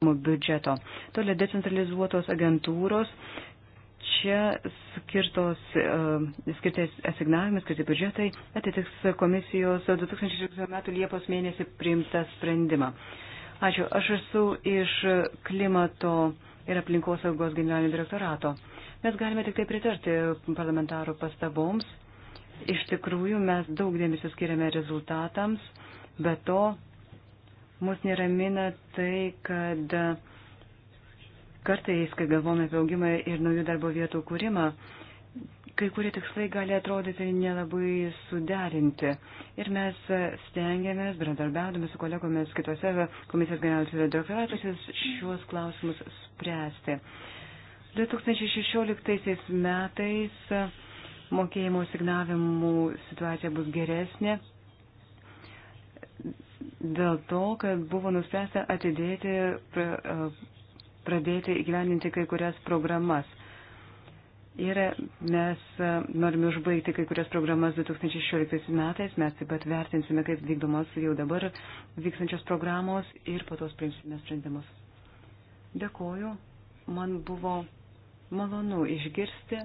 biudžeto. Toliau decentralizuotos agentūros. Čia skirtos, uh, e, skirtės asignavimai, skirti biudžetai atitiks komisijos 2016 m. Liepos mėnesį priimtą sprendimą. Ačiū. Aš esu iš klimato ir aplinkosaugos generalinio direktorato. Mes galime tik tai pritarti parlamentarų pastaboms. Iš tikrųjų, mes daug dėmesio skiriame rezultatams, bet to Mus neramina tai, kad kartais, kai galvome apie augimą ir naujų darbo vietų kūrimą, kai kurie tikslai gali atrodyti nelabai suderinti. Ir mes stengiamės, bendradarbiaudami su kolegomis kitose komisijos generalinėse direktoratuose, šiuos klausimus spręsti. 2016 metais mokėjimo signavimų situacija bus geresnė dėl to, kad buvo nuspręsta atidėti, pradėti įgyveninti kai kurias programas. Ir mes norime užbaigti kai kurias programas 2016 metais, mes taip pat vertinsime, kaip vykdomos jau dabar vykstančios programos ir po tos priimsime sprendimus. Dėkoju, man buvo malonu išgirsti,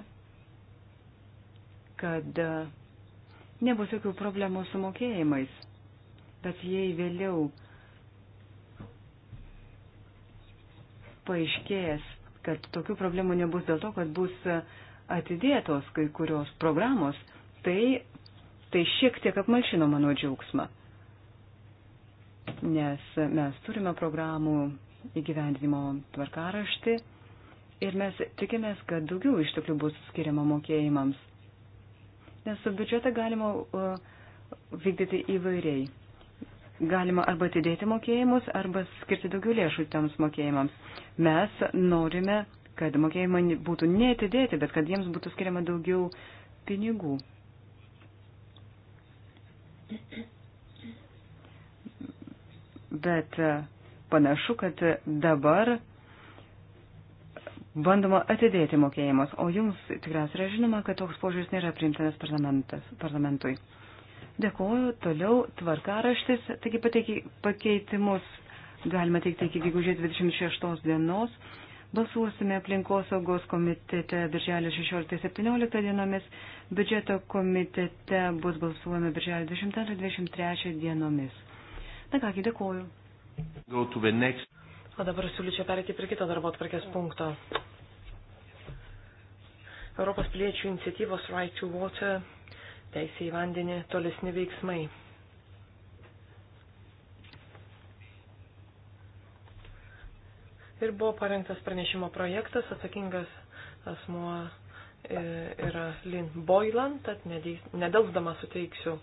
kad nebus jokių problemų su mokėjimais bet jei vėliau paaiškės, kad tokių problemų nebus dėl to, kad bus atidėtos kai kurios programos, tai, tai šiek tiek apmalšino mano džiaugsmą. Nes mes turime programų įgyvendinimo tvarkaraštį ir mes tikimės, kad daugiau išteklių bus skiriama mokėjimams. Nes biudžetą galima uh, vykdyti įvairiai galima arba atidėti mokėjimus, arba skirti daugiau lėšų tams mokėjimams. Mes norime, kad mokėjimai būtų neatidėti, bet kad jiems būtų skiriama daugiau pinigų. Bet e, panašu, kad dabar bandoma atidėti mokėjimus, o jums tikriausiai yra žinoma, kad toks požiūris nėra priimtinas parlamentui. Dėkuoju. Toliau tvarkaraštis. Taigi pateiki, pakeitimus galima teikti iki gegužės 26 dienos. Balsuosime aplinkosaugos komitete birželio 16-17 dienomis. Biudžeto komitete bus balsuojama birželio 20-23 dienomis. Na kągi, dėkuoju. O dabar siūlyčiau perėti prie kito darbo atvarkės punkto. Europos piliečių iniciatyvos Right to Water teisė į vandenį tolesni veiksmai. Ir buvo parengtas pranešimo projektas, atsakingas asmuo e, yra Lin Boylan, tad nedelsdama suteiksiu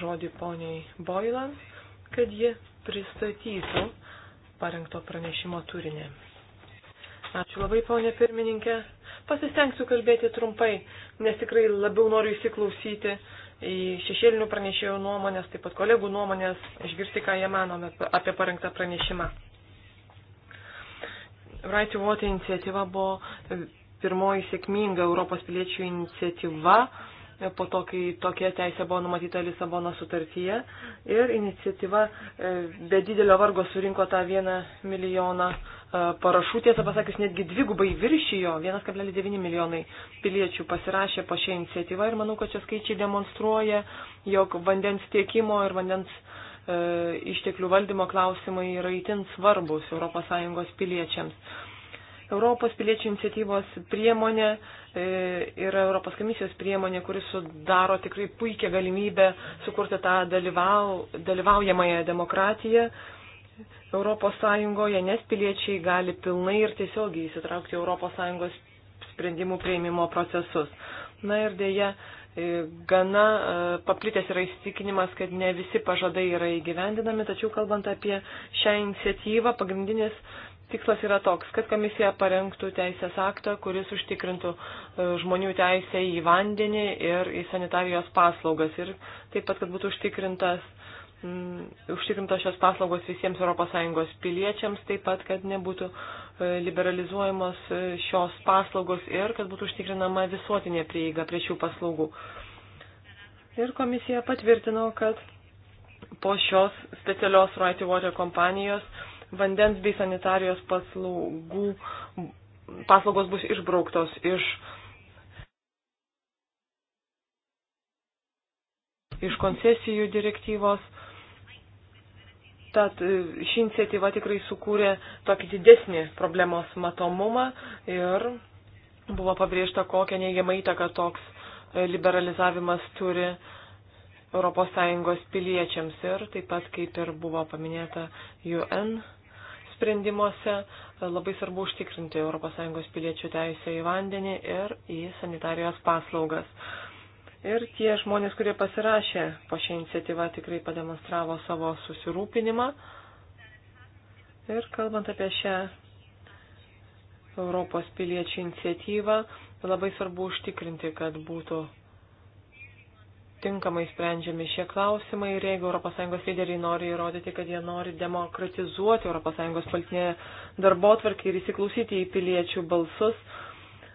žodį poniai Boylan, kad ji pristatytų parengto pranešimo turinį. Ačiū labai, ponė pirmininkė. Pasistengsiu kalbėti trumpai, nes tikrai labiau noriu įsiklausyti į šešėlinių pranešėjų nuomonės, taip pat kolegų nuomonės, išgirsti, ką jie manome apie parengtą pranešimą. Right to Water iniciatyva buvo pirmoji sėkminga Europos piliečių iniciatyva po to, kai tokia teisė buvo numatyta Lisabono sutartyje ir iniciatyva e, be didelio vargo surinko tą vieną milijoną e, parašų, tiesą pasakius, netgi dvigubai viršijo, 1,9 milijonai piliečių pasirašė po šią iniciatyvą ir manau, kad čia skaičiai demonstruoja, jog vandens tiekimo ir vandens e, išteklių valdymo klausimai yra itin svarbus ES piliečiams. Europos piliečių iniciatyvos priemonė yra e, Europos komisijos priemonė, kuris sudaro tikrai puikią galimybę sukurti tą dalyvau, dalyvaujamąją demokratiją Europos Sąjungoje, nes piliečiai gali pilnai ir tiesiogiai įsitraukti Europos Sąjungos sprendimų prieimimo procesus. Na ir dėja, e, gana e, paplitęs yra įsitikinimas, kad ne visi pažadai yra įgyvendinami, tačiau kalbant apie šią iniciatyvą, pagrindinis Tikslas yra toks, kad komisija parengtų teisės aktą, kuris užtikrintų e, žmonių teisę į vandenį ir į sanitarijos paslaugas ir taip pat, kad būtų užtikrintas m, mm, užtikrintos šios paslaugos visiems ES piliečiams, taip pat, kad nebūtų e, liberalizuojamos e, šios paslaugos ir kad būtų užtikrinama visuotinė prieiga prie šių paslaugų. Ir komisija patvirtino, kad po šios specialios Right to Water kompanijos vandens bei sanitarijos paslaugų, paslaugos bus išbrauktos iš, iš koncesijų direktyvos. Tad e, ši iniciatyva tikrai sukūrė tokį didesnį problemos matomumą ir buvo pabrėžta, kokią neigiamą įtaką toks e, liberalizavimas turi ES piliečiams ir taip pat, kaip ir buvo paminėta UN sprendimuose. Labai svarbu užtikrinti ES piliečių teisę į vandenį ir į sanitarijos paslaugas. Ir tie žmonės, kurie pasirašė po šią iniciatyvą, tikrai pademonstravo savo susirūpinimą. Ir kalbant apie šią Europos piliečių iniciatyvą, labai svarbu užtikrinti, kad būtų tinkamai sprendžiami šie klausimai ir jeigu ES lyderiai nori įrodyti, kad jie nori demokratizuoti ES politinę darbo tvarkį ir įsiklausyti į piliečių balsus,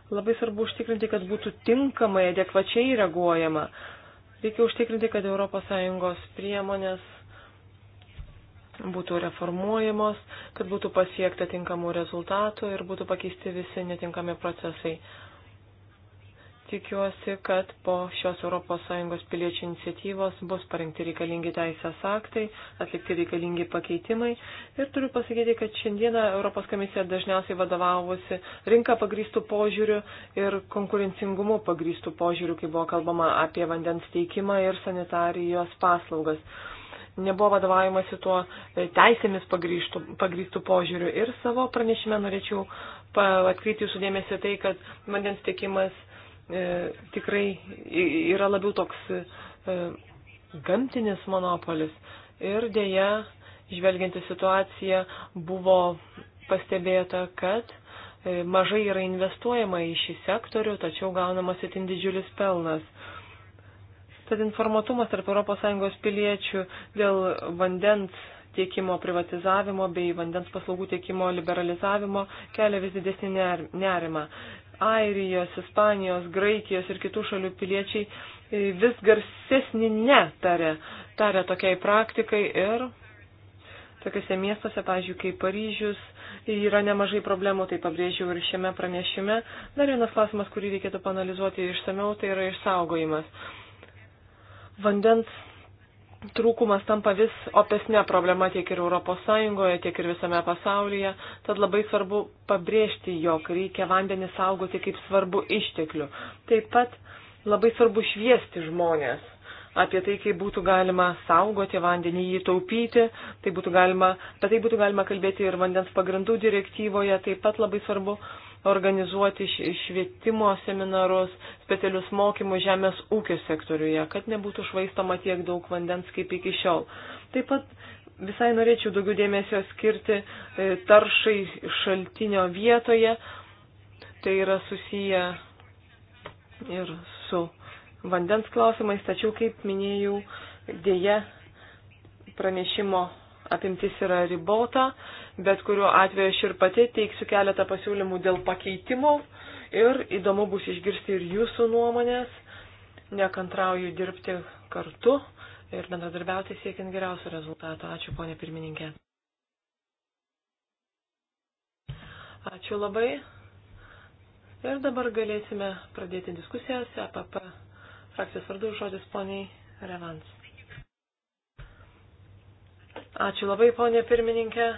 labai svarbu užtikrinti, kad būtų tinkamai, adekvačiai reaguojama. Reikia užtikrinti, kad ES priemonės būtų reformuojamos, kad būtų pasiekta tinkamų rezultatų ir būtų pakeisti visi netinkami procesai. Tikiuosi, kad po šios ES piliečių iniciatyvos bus parengti reikalingi teisės aktai, atlikti reikalingi pakeitimai. Ir turiu pasakyti, kad šiandieną Europos komisija dažniausiai vadovavusi rinką pagrįstų požiūrių ir konkurencingumu pagrįstų požiūrių, kai buvo kalbama apie vandens teikimą ir sanitarijos paslaugas. Nebuvo vadovaujamasi tuo teisėmis pagrįstų požiūrių. Ir savo pranešime norėčiau atkreipti jūsų dėmesį tai, kad vandens tiekimas E, tikrai yra labiau toks e, gamtinis monopolis. Ir dėja, žvelgianti situaciją, buvo pastebėta, kad e, mažai yra investuojama į šį sektorių, tačiau gaunamas itin didžiulis pelnas. Tad informatumas tarp ES piliečių dėl vandens tiekimo privatizavimo bei vandens paslaugų tiekimo liberalizavimo kelia vis didesnį nerimą. Airijos, Ispanijos, Graikijos ir kitų šalių piliečiai e, vis garsesnį netarė, tarė tokiai praktikai ir tokiuose miestuose, pavyzdžiui, kaip Paryžius, yra nemažai problemų, tai pabrėžiau ir šiame pranešime. Dar vienas klausimas, kurį reikėtų panalizuoti išsameu, tai yra išsaugojimas. Vandens trūkumas tampa vis opesnė problema tiek ir ES, tiek ir visame pasaulyje. Tad labai svarbu pabrėžti, jog reikia vandenį saugoti kaip svarbu išteklių. Taip pat labai svarbu šviesti žmonės apie tai, kaip būtų galima saugoti vandenį, jį taupyti, tai būtų galima, bet tai būtų galima kalbėti ir vandens pagrindų direktyvoje, taip pat labai svarbu uh, organizuoti švietimo seminarus, specialius mokymus žemės ūkio sektoriuje, kad nebūtų švaistama tiek daug vandens kaip iki šiol. Taip pat visai norėčiau daugiau dėmesio skirti e, taršai šaltinio vietoje. Tai yra susiję ir su vandens klausimais, tačiau, kaip minėjau, dėje pranešimo apimtis yra ribota Bet kuriuo atveju aš ir pati teiksiu keletą pasiūlymų dėl pakeitimų ir įdomu bus išgirsti ir jūsų nuomonės. Nekantrauju dirbti kartu ir bendradarbiauti siekiant geriausio rezultato. Ačiū, ponė pirmininkė. Ačiū labai. Ir dabar galėsime pradėti diskusijas. APP e frakcijos vardu žodis poniai Revans. Ačiū labai, ponė pirmininkė.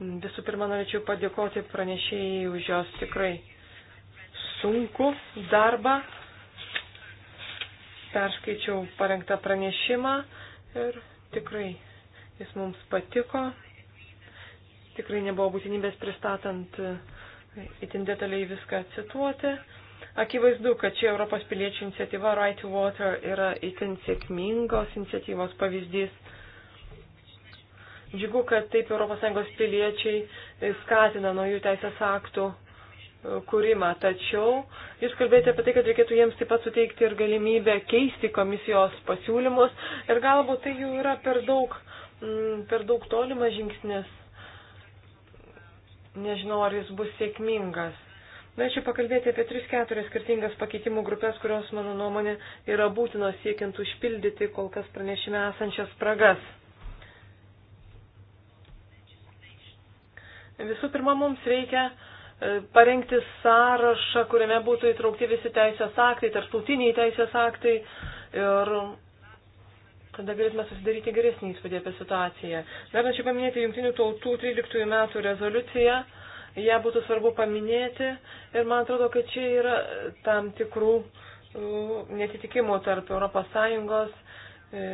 Visų pirma, norėčiau padėkoti pranešėjai už jos tikrai sunku darbą. Perskaičiau parengtą pranešimą ir tikrai jis mums patiko. Tikrai nebuvo būtinybės pristatant e, itin detaliai viską cituoti. Akivaizdu, kad čia Europos piliečių iniciatyva Right to Water yra itin sėkmingos iniciatyvos pavyzdys. Džiugu, kad taip ES piliečiai e, skatina naujų teisės aktų e, kūrimą. Tačiau jūs kalbėjote apie tai, kad reikėtų jiems taip pat suteikti ir galimybę keisti komisijos pasiūlymus ir galbūt tai jau yra per daug, mm, per daug tolimas žingsnis. Nežinau, ar jis bus sėkmingas. Norėčiau pakalbėti apie 3-4 skirtingas pakeitimų grupės, kurios, mano nuomonė, yra būtinos siekiant užpildyti kol kas pranešime esančias spragas. Visų pirma, mums reikia e, parengti sąrašą, kuriame būtų įtraukti visi teisės aktai, tarptautiniai teisės aktai ir tada galėtume susidaryti geresnį įspūdį apie situaciją. Dar norėčiau paminėti Junktinių tautų 13 metų rezoliuciją, ją būtų svarbu paminėti ir man atrodo, kad čia yra tam tikrų e, netitikimų tarp ES, e,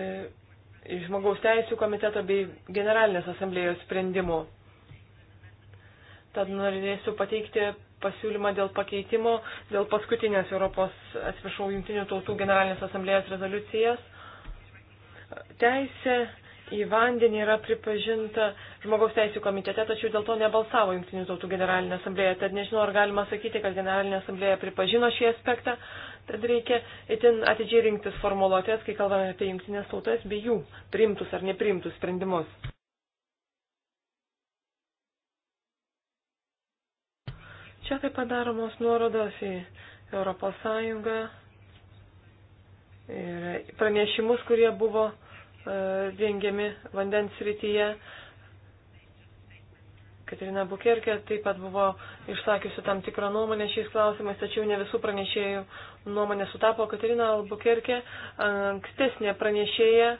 žmogaus teisų komiteto bei generalinės asamblėjos sprendimų. Tad norėsiu pateikti pasiūlymą dėl pakeitimo, dėl paskutinės Europos, atsiprašau, Junktinių tautų generalinės asamblėjos rezoliucijas. Teisė į vandenį yra pripažinta žmogaus teisų komitete, tačiau dėl to nebalsavo Junktinių tautų generalinė asamblėja. Tad nežinau, ar galima sakyti, kad generalinė asamblėja pripažino šį aspektą. Tad reikia itin atidžiai rinktis formuluotės, kai kalbame apie Junktinės tautas bei jų priimtus ar nepriimtus sprendimus. Čia taip padaromos nuorodos į Europos Sąjungą ir pranešimus, kurie buvo e, rengiami vandens rytyje. Katerina Bukerkė taip pat buvo išsakiusi tam tikrą nuomonę šiais klausimais, tačiau ne visų pranešėjų nuomonė sutapo. Katerina Bukerkė, ankstesnė pranešėja,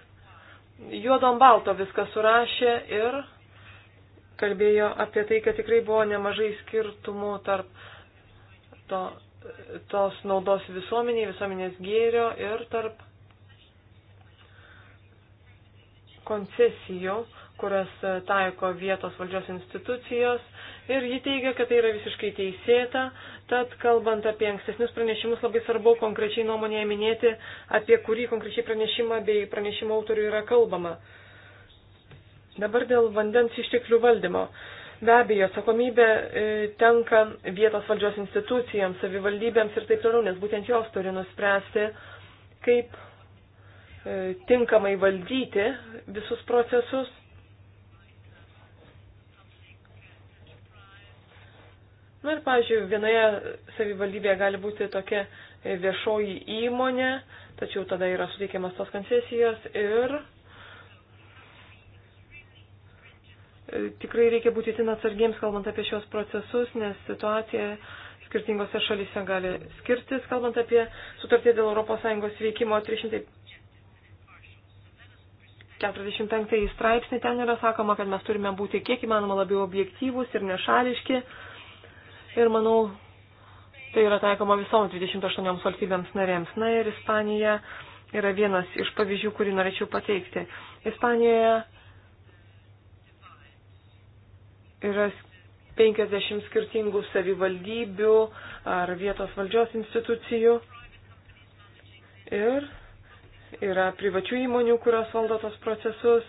juodom balto viską surašė ir kalbėjo apie tai, kad tikrai buvo nemažai skirtumų tarp to, tos naudos visuomeniai, visuomenės gėrio ir tarp koncesijų, kurias taiko vietos valdžios institucijos ir ji teigia, kad tai yra visiškai teisėta, tad kalbant apie ankstesnius pranešimus labai svarbu konkrečiai nuomonėje minėti, apie kurį konkrečiai pranešimą bei pranešimo autorių yra kalbama. Dabar dėl vandens išteklių valdymo. Be abejo, atsakomybė e, tenka vietos valdžios institucijams, savivaldybėms ir taip toliau, nes būtent jos turi nuspręsti, kaip e, tinkamai valdyti visus procesus. Na nu ir, pavyzdžiui, vienoje savivaldybėje gali būti tokia e, viešoji įmonė, tačiau tada yra suteikiamas tos koncesijos ir E, tikrai reikia būti itin atsargiems, kalbant apie šios procesus, nes situacija skirtingose šalise gali skirtis, kalbant apie sutartį dėl ES veikimo 345 straipsnį. Ten yra sakoma, kad mes turime būti kiek įmanoma labiau objektyvus ir nešališki. Ir manau, tai yra taikoma visoms 28 valstybėms narėms. Na ir Ispanija yra vienas iš pavyzdžių, kurį norėčiau pateikti. Ispanijoje yra 50 skirtingų savivaldybių ar vietos valdžios institucijų ir yra privačių įmonių, kurios valdo tos procesus.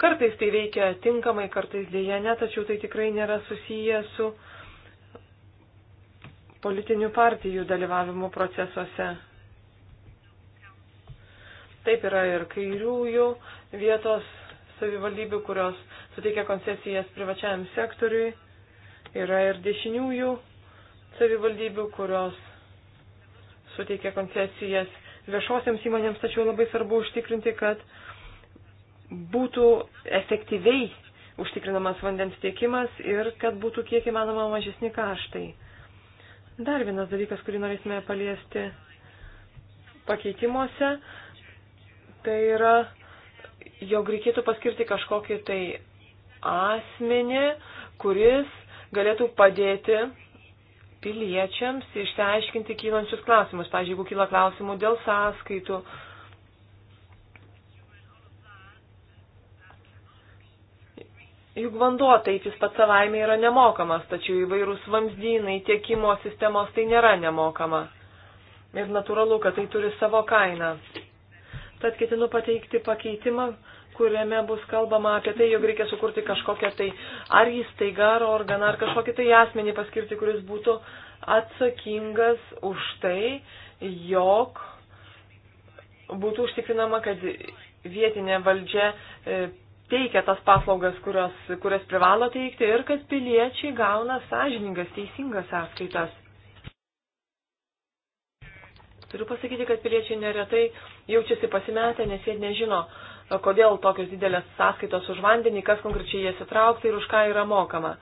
Kartais tai veikia tinkamai, kartais dėja ne, tačiau tai tikrai nėra susiję su politinių partijų dalyvavimu procesuose. Taip yra ir kairiųjų vietos savivaldybių, kurios suteikia koncesijas privačiajam sektoriui. Yra ir dešiniųjų savivaldybių, kurios suteikia koncesijas viešosiams įmonėms, tačiau labai svarbu užtikrinti, kad būtų efektyviai užtikrinamas vandens tiekimas ir kad būtų kiek įmanoma mažesni kaštai. Dar vienas dalykas, kurį norėsime paliesti pakeitimuose, tai yra, jog reikėtų paskirti kažkokį tai asmenį, kuris galėtų padėti piliečiams išsiaiškinti kylančius klausimus. Pavyzdžiui, jeigu kyla klausimų dėl sąskaitų. Juk vanduo taip jis pats savaime yra nemokamas, tačiau įvairūs vamzdynai, tiekimo sistemos tai nėra nemokama. Ir natūralu, kad tai turi savo kainą. Tad ketinu pateikti pakeitimą, kuriame bus kalbama apie tai, jog reikia sukurti kažkokią tai ar įstaigą, ar organą, ar kažkokį tai asmenį paskirti, kuris būtų atsakingas už tai, jog būtų užtikrinama, kad vietinė valdžia e, teikia tas paslaugas, kurios, kurias privalo teikti ir kad piliečiai gauna sąžiningas, teisingas sąskaitas. Turiu pasakyti, kad piliečiai neretai jaučiasi pasimetę, nes jie nežino, kodėl tokios didelės sąskaitos už vandenį, kas konkrečiai jas įtraukta ir už ką yra mokama.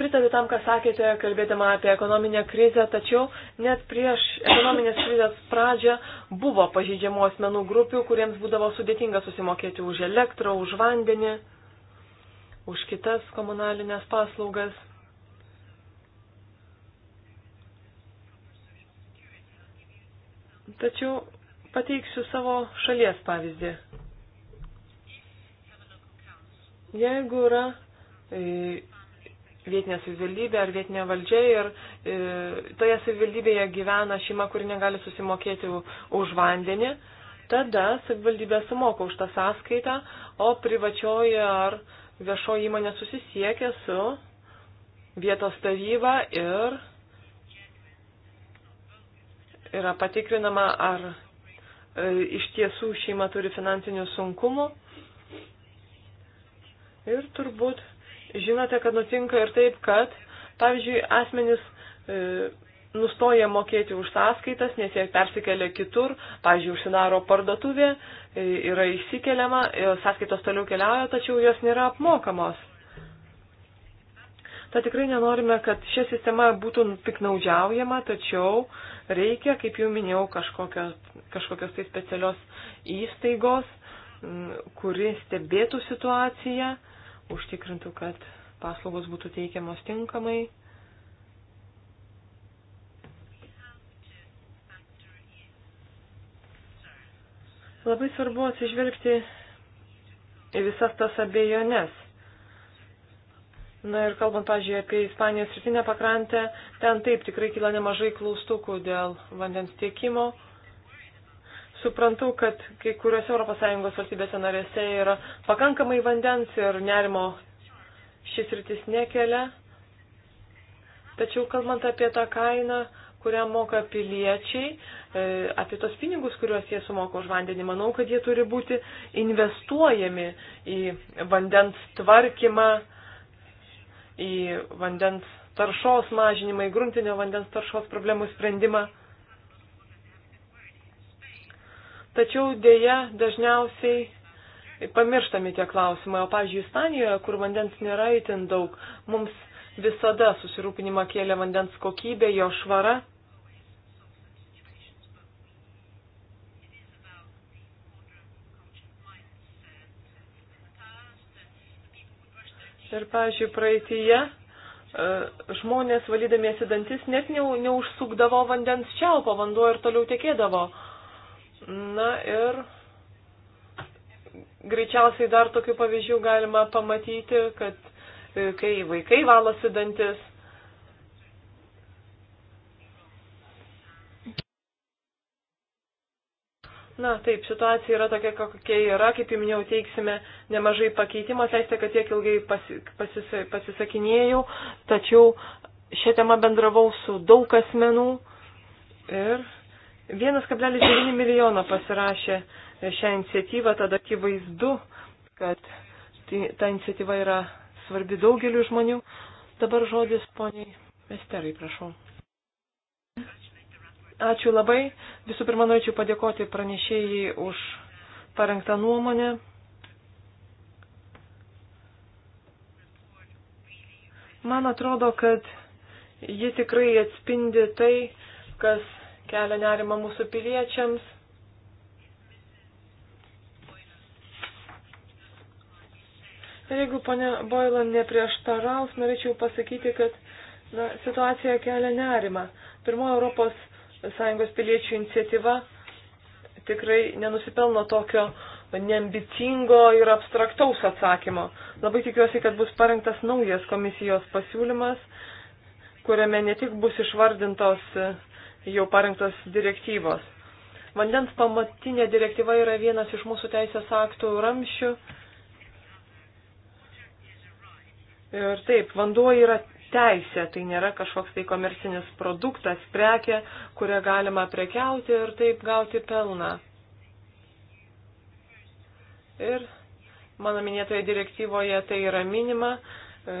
Pritariu tam, ką sakėte, kalbėdama apie ekonominę krizę, tačiau net prieš ekonominės krizės pradžią buvo pažydžiamų asmenų grupių, kuriems būdavo sudėtinga susimokėti už elektrą, už vandenį, už kitas komunalinės paslaugas. Tačiau Pateiksiu savo šalies pavyzdį. Jeigu yra e, vietinė savivaldybė ar vietinė valdžia ir e, toje savivaldybėje gyvena šeima, kuri negali susimokėti už vandenį, tada savivaldybė sumoka už tą sąskaitą, o privačioji ar viešoji įmonė susisiekia su vietos taryba ir yra patikrinama, ar E, iš tiesų šeima turi finansinių sunkumų. Ir turbūt žinote, kad nutinka ir taip, kad, pavyzdžiui, asmenys e, nustoja mokėti už sąskaitas, nes jie persikelia kitur, pavyzdžiui, užsidaro parduotuvė, e, yra išsikeliama, e, sąskaitos toliau keliauja, tačiau jos nėra apmokamos. Ta tikrai nenorime, kad šią sistemą būtų piknaudžiaujama, tačiau reikia, kaip jau minėjau, kažkokio kažkokios tai specialios įstaigos, kuri stebėtų situaciją, užtikrintų, kad paslaugos būtų teikiamos tinkamai. Labai svarbu atsižvelgti į visas tas abejones. Na ir kalbant, pažiūrėjau, apie Ispanijos rytinę pakrantę, ten taip tikrai kyla nemažai klaustukų dėl vandens tiekimo suprantu, kad kai kuriuose ES valstybėse narėse yra pakankamai vandens ir nerimo šis rytis nekelia. Tačiau kalbant apie tą kainą, kurią moka piliečiai, e, apie tos pinigus, kuriuos jie sumoka už vandenį, manau, kad jie turi būti investuojami į vandens tvarkymą, į vandens taršos mažinimą, į gruntinio vandens taršos problemų sprendimą. tačiau dėja dažniausiai pamirštami tie klausimai. O pavyzdžiui, Ispanijoje, kur vandens nėra itin daug, mums visada susirūpinimą kėlė vandens kokybė, jo švara. Ir, pavyzdžiui, praeitįje e, žmonės valydamiesi dantis net neužsukdavo vandens čiaupo, vanduo ir toliau tekėdavo Na ir greičiausiai dar tokių pavyzdžių galima pamatyti, kad e, kai vaikai valosi dantis, Na, taip, situacija yra tokia, kokia yra, kaip jau minėjau, teiksime nemažai pakeitimo, leisti, kad tiek ilgai pasi, pasis, pasisakinėjau, tačiau šią temą bendravau su daug asmenų ir 1,9 milijono pasirašė šią iniciatyvą, tada akivaizdu, kad tai, ta iniciatyva yra svarbi daugeliu žmonių. Dabar žodis poniai Esterai, prašau. Ačiū labai. Visų pirma, norėčiau padėkoti pranešėjai už parengtą nuomonę. Man atrodo, kad ji tikrai atspindi tai, kas kelia nerima mūsų piliečiams. Ir jeigu ponia Boilan neprieštaraus, norėčiau pasakyti, kad na, situacija kelia nerima. Pirmoji Europos Sąjungos piliečių iniciatyva tikrai nenusipelno tokio neambicingo ir abstraktaus atsakymo. Labai tikiuosi, kad bus parengtas naujas komisijos pasiūlymas, kuriame ne tik bus išvardintos jau parengtos direktyvos. Vandens pamatinė direktyva yra vienas iš mūsų teisės aktų ramšių. Ir taip, vanduo yra teisė, tai nėra kažkoks tai komercinis produktas, prekė, kurią galima prekiauti ir taip gauti pelną. Ir mano minėtoje direktyvoje tai yra minima. E,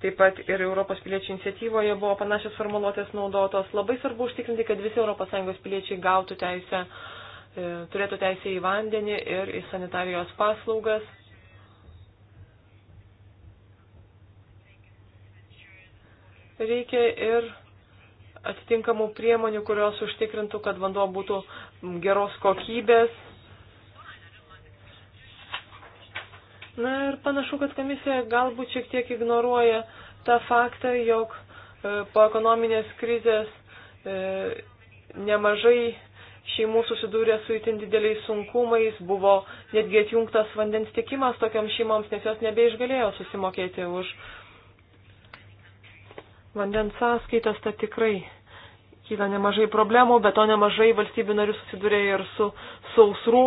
Taip pat ir Europos piliečių iniciatyvoje buvo panašios formuluotės naudotos. Labai svarbu užtikrinti, kad visi ES piliečiai gautų teisę, e, turėtų teisę į vandenį ir į sanitarijos paslaugas. Reikia ir atitinkamų priemonių, kurios užtikrintų, kad vanduo būtų geros kokybės Na ir panašu, kad komisija galbūt šiek tiek ignoruoja tą faktą, jog e, po ekonominės krizės e, nemažai šeimų susidūrė su itin dideliais sunkumais, buvo netgi atjungtas vandens tikimas tokiam šeimoms, nes jos nebeišgalėjo susimokėti už vandens sąskaitas, tai tikrai kyla nemažai problemų, bet to nemažai valstybių narių susidūrė ir su sausrų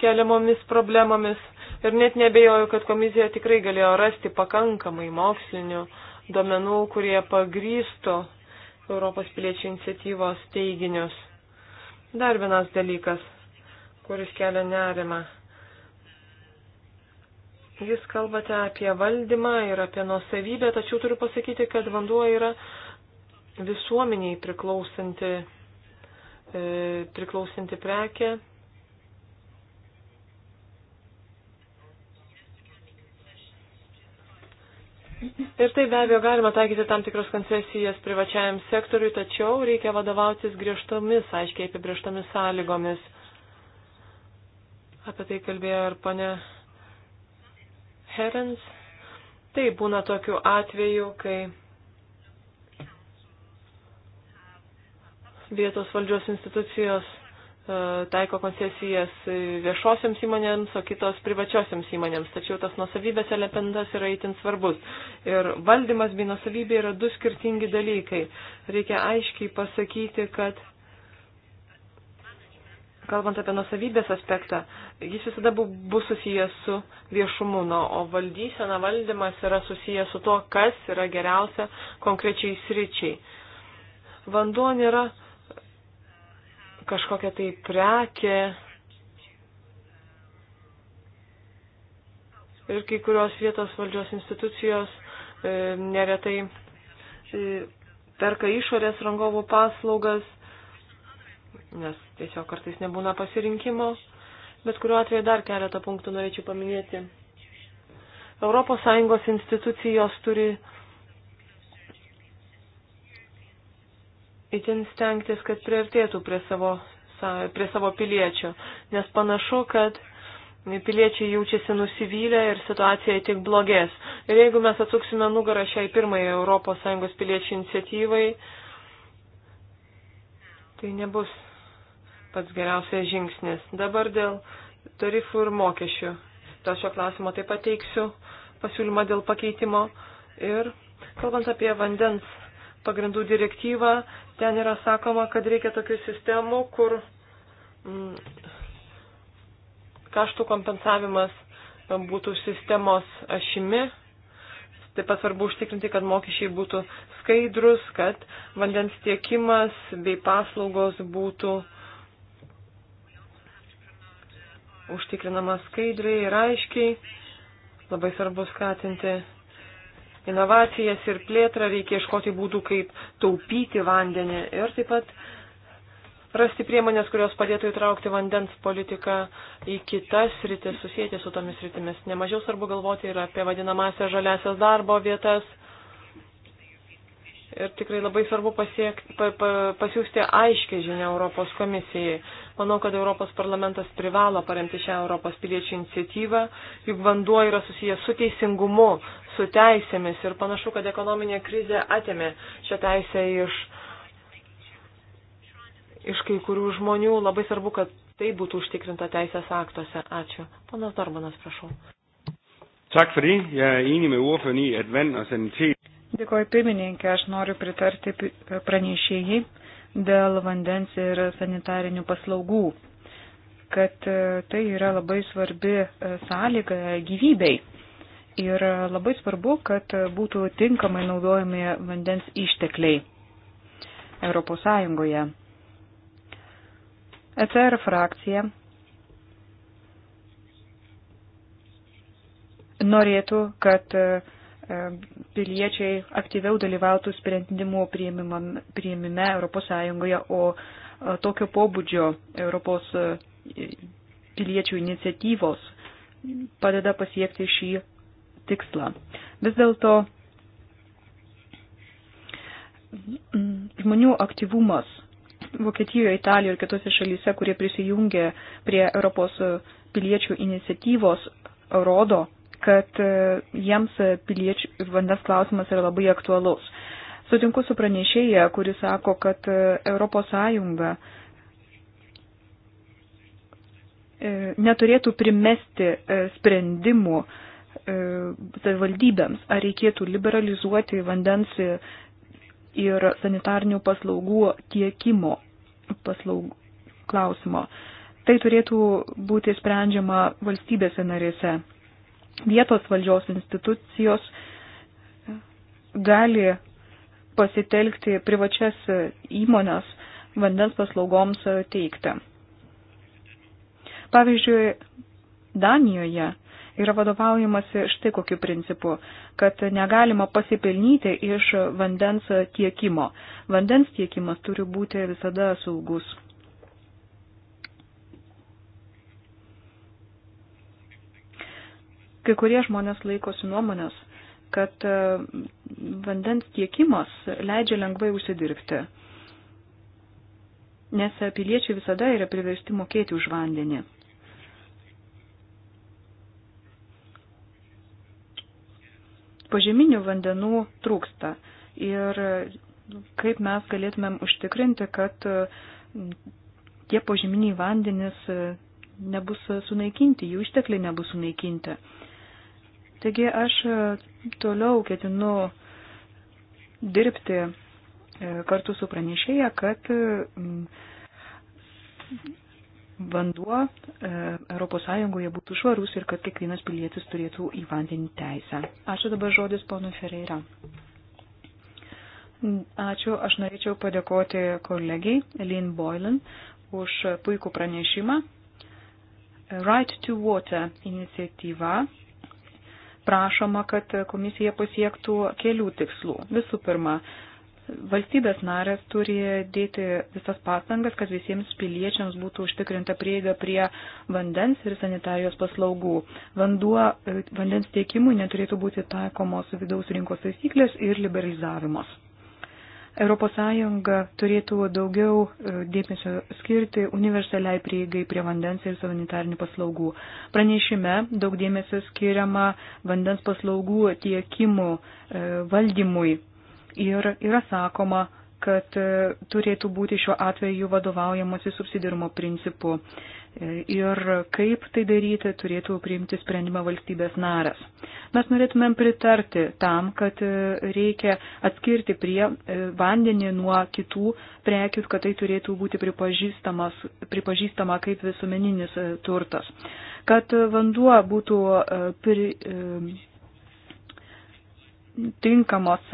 keliamomis problemomis ir net nebejoju, kad komisija tikrai galėjo rasti pakankamai mokslinių duomenų, kurie pagrįsto Europos piliečių iniciatyvos teiginius. Dar vienas dalykas, kuris kelia nerimą. Jūs kalbate apie valdymą ir apie nuosavybę, tačiau turiu pasakyti, kad vanduo yra visuomeniai priklausanti, e, priklausanti prekė. Ir tai be abejo galima taikyti tam tikras koncesijas privačiajam sektoriui, tačiau reikia vadovautis griežtomis, aiškiai apibrieštomis sąlygomis. Apie tai kalbėjo ir pane Herens. Tai būna tokių atvejų, kai vietos valdžios institucijos E, taiko koncesijas viešosiams įmonėms, o kitos privačiosiams įmonėms. Tačiau tas nusavybės elementas yra itin svarbus. Ir valdymas bei nusavybė yra du skirtingi dalykai. Reikia aiškiai pasakyti, kad kalbant apie nusavybės aspektą, jis visada bus susijęs su viešumu, no, o valdysena valdymas yra susijęs su to, kas yra geriausia konkrečiai sričiai. Vanduo nėra kažkokią tai prekę. Ir kai kurios vietos valdžios institucijos e, neretai e, perka išorės rangovų paslaugas, nes tiesiog kartais nebūna pasirinkimo. Bet kuriuo atveju dar keletą punktų norėčiau paminėti. ES institucijos turi itin stengtis, kad priartėtų prie savo, prie savo piliečio, nes panašu, kad piliečiai jaučiasi nusivylę ir situacija tik blogės. Ir jeigu mes atsuksime nugarą šiai pirmai ES piliečių iniciatyvai, tai nebus pats geriausias žingsnis. Dabar dėl tarifų ir mokesčių. Dėl šio klausimo taip pat teiksiu pasiūlymą dėl pakeitimo. Ir kalbant apie vandens pagrindų direktyvą, ten yra sakoma, kad reikia tokių sistemų, kur mm, kaštų kompensavimas e, būtų sistemos ašimi. Taip pat svarbu užtikrinti, kad mokesčiai būtų skaidrus, kad vandens tiekimas bei paslaugos būtų užtikrinamas skaidriai ir aiškiai. Labai svarbu skatinti inovacijas ir plėtrą, reikia iškoti būdų, kaip taupyti vandenį ir taip pat rasti priemonės, kurios padėtų įtraukti vandens politiką į kitas rytis, susijęti su tomis rytimis. Nemažiau svarbu galvoti ir apie vadinamąsią žaliasias darbo vietas Ir tikrai labai svarbu pasiek, pa, pa, pasiūsti aiškę žinę Europos komisijai. Manau, kad Europos parlamentas privalo paremti šią Europos piliečių iniciatyvą, juk vanduo yra susijęs su teisingumu, su teisėmis ir panašu, kad ekonominė krizė atėmė šią teisę iš, iš kai kurių žmonių. Labai svarbu, kad tai būtų užtikrinta teisės aktuose. Ačiū. Ponas Darmanas, prašau. Tak for det. Jeg er enig med ordføreren i, at vand og sanitet Dėkoju pirmininkė, aš noriu pritarti pranešėjai dėl vandens ir sanitarinių paslaugų, kad e, tai yra labai svarbi e, sąlyga gyvybei. Ir e, labai svarbu, kad būtų tinkamai naudojami vandens ištekliai Europos Sąjungoje. ECR frakcija norėtų, kad uh, E, piliečiai aktyviau dalyvautų sprendimų priėmime ES, o e, tokio pobūdžio Europos e, piliečių iniciatyvos padeda pasiekti šį tikslą. Vis dėlto žmonių aktyvumas Vokietijoje, Italijoje ir kitose šalyse, kurie prisijungė prie Europos piliečių iniciatyvos, rodo, kad e, jiems e, piliečių vandens klausimas yra labai aktualus. Sutinku su pranešėja, kuris sako, kad ES e, neturėtų primesti sprendimų savivaldybėms, ar reikėtų liberalizuoti vandens ir sanitarnių paslaugų tiekimo paslaugų klausimo. Tai turėtų būti sprendžiama valstybėse narėse vietos valdžios institucijos gali pasitelkti privačias įmonės vandens paslaugoms teikti. Pavyzdžiui, Danijoje yra vadovaujamasi štai kokiu principu, kad negalima pasipelnyti iš vandens tiekimo. Vandens tiekimas turi būti visada saugus. Kai kurie žmonės laikosi nuomonės, kad e, vandens tiekimas leidžia lengvai užsidirbti, nes piliečiai visada yra priversti mokėti už vandenį. Pažeminių vandenų trūksta ir nu, kaip mes galėtumėm užtikrinti, kad e, tie požeminiai vandenis e, nebus sunaikinti, jų ištekliai nebus sunaikinti. Taigi aš e, toliau ketinu dirbti e, kartu su pranešėja, kad e, vanduo ES būtų švarus ir kad kiekvienas pilietis turėtų į vandenį teisę. Ačiū dabar žodis ponui Ferreira. Ačiū, aš norėčiau padėkoti kolegiai Lynn Boylan už puikų pranešimą. Right to Water iniciatyva prašoma, kad komisija pasiektų kelių tikslų. Visų pirma, valstybės narės turi dėti visas pastangas, kad visiems piliečiams būtų užtikrinta prieiga prie vandens ir sanitarijos paslaugų. Vanduo, e, vandens tiekimui neturėtų būti taikomos vidaus rinkos taisyklės ir liberalizavimas. ES turėtų daugiau e, dėmesio skirti universaliai prieigai prie vandens ir sanitarinių paslaugų. Pranešime daug dėmesio skiriama vandens paslaugų tiekimo e, valdymui ir yra sakoma, kad e, turėtų būti šiuo atveju vadovaujamasi subsidirimo principu ir kaip tai daryti turėtų priimti sprendimą valstybės naras. Mes norėtumėm pritarti tam, kad e, reikia atskirti prie e, vandenį nuo kitų prekių, kad tai turėtų būti pripažįstama kaip visuomeninis e, turtas. Kad vanduo būtų pri, tinkamos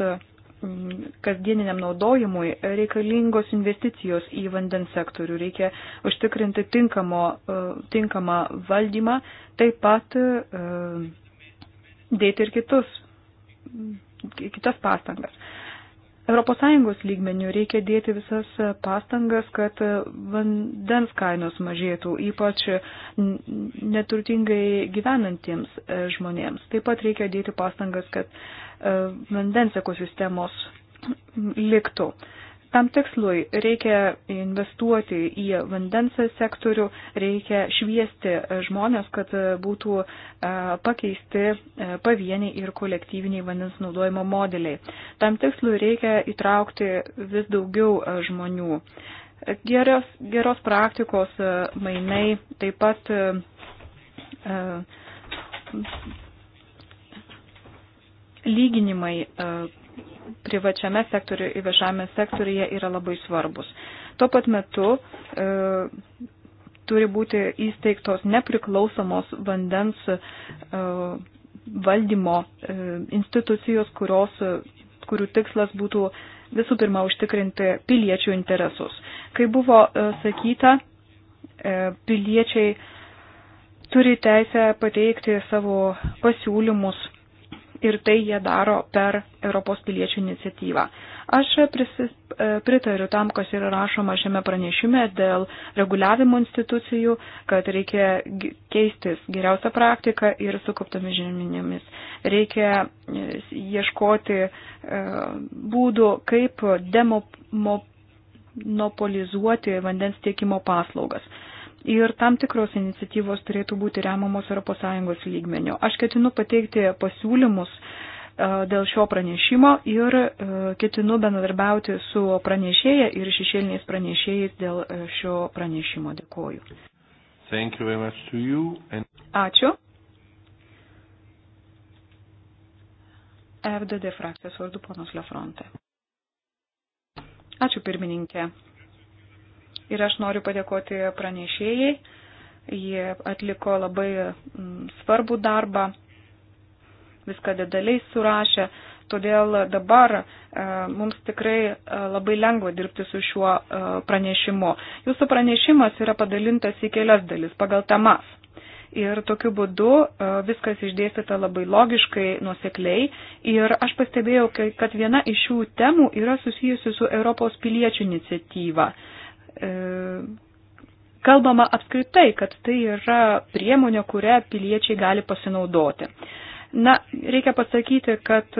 Mm, kasdieniniam naudojimui reikalingos investicijos į vandens sektorių. Reikia užtikrinti tinkamo, e, tinkamą valdymą, taip pat e, dėti ir kitus, kitas pastangas. ES lygmenių reikia dėti visas pastangas, kad vandens kainos mažėtų, ypač neturtingai gyvenantiems e, žmonėms. Taip pat reikia dėti pastangas, kad E, vandens ekosistemos liktų. Tam tikslui reikia investuoti į vandens sektorių, reikia šviesti žmonės, kad būtų e, pakeisti e, pavieniai ir kolektyviniai vandens naudojimo modeliai. Tam tikslui reikia įtraukti vis daugiau žmonių. Geros, geros praktikos mainai taip pat atlyginimai e, privačiame sektoriuje ir viešame sektoriuje yra labai svarbus. Tuo pat metu e, turi būti įsteigtos nepriklausomos vandens e, valdymo e, institucijos, kurios, e, kurių tikslas būtų visų pirma užtikrinti piliečių interesus. Kai buvo e, sakyta, e, piliečiai turi teisę pateikti savo pasiūlymus ir tai jie daro per Europos piliečių iniciatyvą. Aš prisis, pritariu tam, kas yra rašoma šiame pranešime dėl reguliavimo institucijų, kad reikia keistis geriausią praktiką ir sukauptomis žiniomis. Reikia e, ieškoti e, būdų, kaip demopolizuoti vandens tiekimo paslaugas ir tam tikros iniciatyvos turėtų būti remamos ES lygmenio. Aš ketinu pateikti pasiūlymus e, dėl šio pranešimo ir e, ketinu bendradarbiauti su pranešėja ir šešėliniais pranešėjais dėl e, šio pranešimo. Dėkoju. And... Ačiū. FDD frakcijos vardu ponas Lefronte. Ačiū pirmininkė ir aš noriu padėkoti pranešėjai. Jie atliko labai mm, svarbų darbą, viską dedaliai surašė, todėl dabar e, mums tikrai e, labai lengva dirbti su šiuo e, pranešimu. Jūsų pranešimas yra padalintas į kelias dalis pagal temas ir tokiu būdu viskas išdėstyta labai logiškai, nuosekliai. Ir aš pastebėjau, kad viena iš šių temų yra susijusi su Europos piliečių iniciatyva. E, kalbama apskritai, kad tai yra priemonė, kurią piliečiai gali pasinaudoti. Na, reikia pasakyti, kad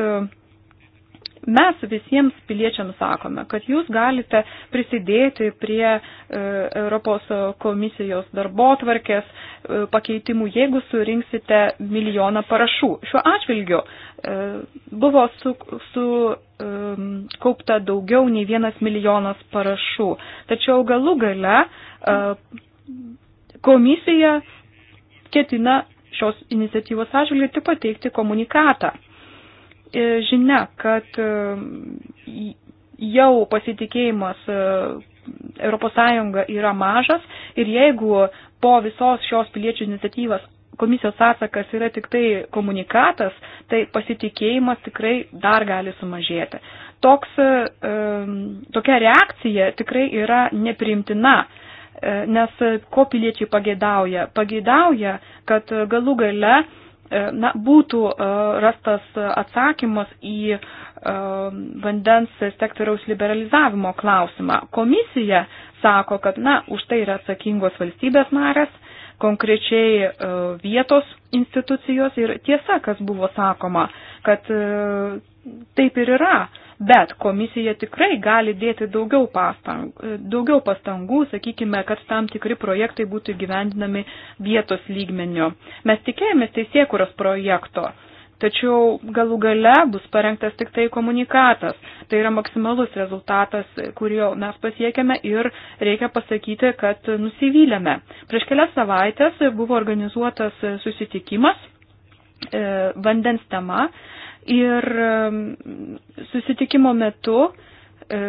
Mes visiems piliečiams sakome, kad jūs galite prisidėti prie e, Europos komisijos darbo tvarkės e, pakeitimų, jeigu surinksite milijoną parašų. Šiuo atžvilgiu e, buvo su, su kaupta daugiau nei vienas milijonas parašų. Tačiau galų gale komisija ketina šios iniciatyvos atžvilgiu tik pateikti komunikatą. E, žinia, kad e, jau pasitikėjimas ES yra mažas ir jeigu po visos šios piliečių iniciatyvas komisijos atsakas yra tik tai komunikatas, tai pasitikėjimas tikrai dar gali sumažėti. Toks, e, tokia reakcija tikrai yra nepriimtina nes ko piliečiai pageidauja? Pageidauja, kad galų gale E, na, būtų e, rastas atsakymas į e, vandens sektoriaus liberalizavimo klausimą. Komisija sako, kad na, už tai yra atsakingos valstybės narės, konkrečiai vietos institucijos ir tiesa, kas buvo sakoma, kad taip ir yra bet komisija tikrai gali dėti daugiau pastangų, daugiau pastangų sakykime, kad tam tikri projektai būtų gyvendinami vietos lygmeniu. Mes tikėjomės teisėkuros projekto. Tačiau galų gale bus parengtas tik tai komunikatas. Tai yra maksimalus rezultatas, kurio mes pasiekėme ir reikia pasakyti, kad nusivylėme. Prieš kelias savaitės buvo organizuotas susitikimas e, vandens tema Ir susitikimo metu e,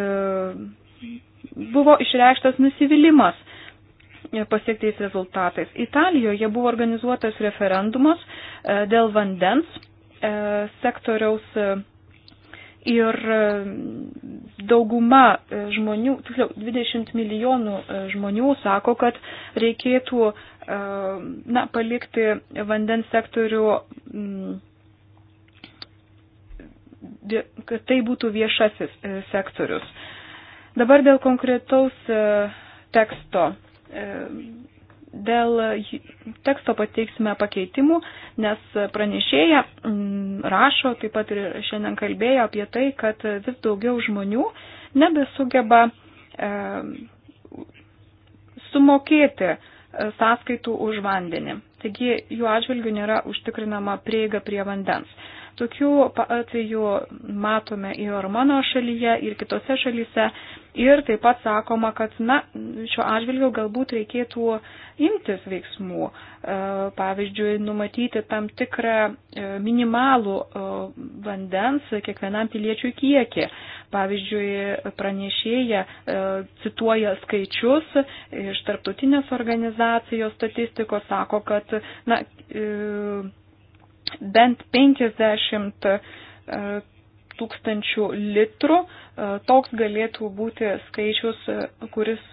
buvo išreikštas nusivylimas e, pasiektais rezultatais. Italijoje buvo organizuotas referendumas e, dėl vandens sektoriaus ir dauguma žmonių, tiksliau 20 milijonų žmonių sako, kad reikėtų na, palikti vandens sektorių kad tai būtų viešasis e, sektorius. Dabar dėl konkretaus e, teksto. E, dėl teksto pateiksime pakeitimų, nes pranešėja rašo, taip pat ir šiandien kalbėjo apie tai, kad vis daugiau žmonių nebesugeba sumokėti sąskaitų už vandenį. Taigi jų atžvilgių nėra užtikrinama prieiga prie vandens. Tokių atvejų matome ir mano šalyje, ir kitose šalyse. Ir taip pat sakoma, kad na, šiuo atžvilgiu galbūt reikėtų imtis veiksmų. E, pavyzdžiui, numatyti tam tikrą e, minimalų e, vandens kiekvienam piliečiui kiekį. Pavyzdžiui, pranešėja cituoja skaičius iš tarptautinės organizacijos statistikos, sako, kad na, bent 50 e, tūkstančių litrų. E, toks galėtų būti skaičius, e, kuris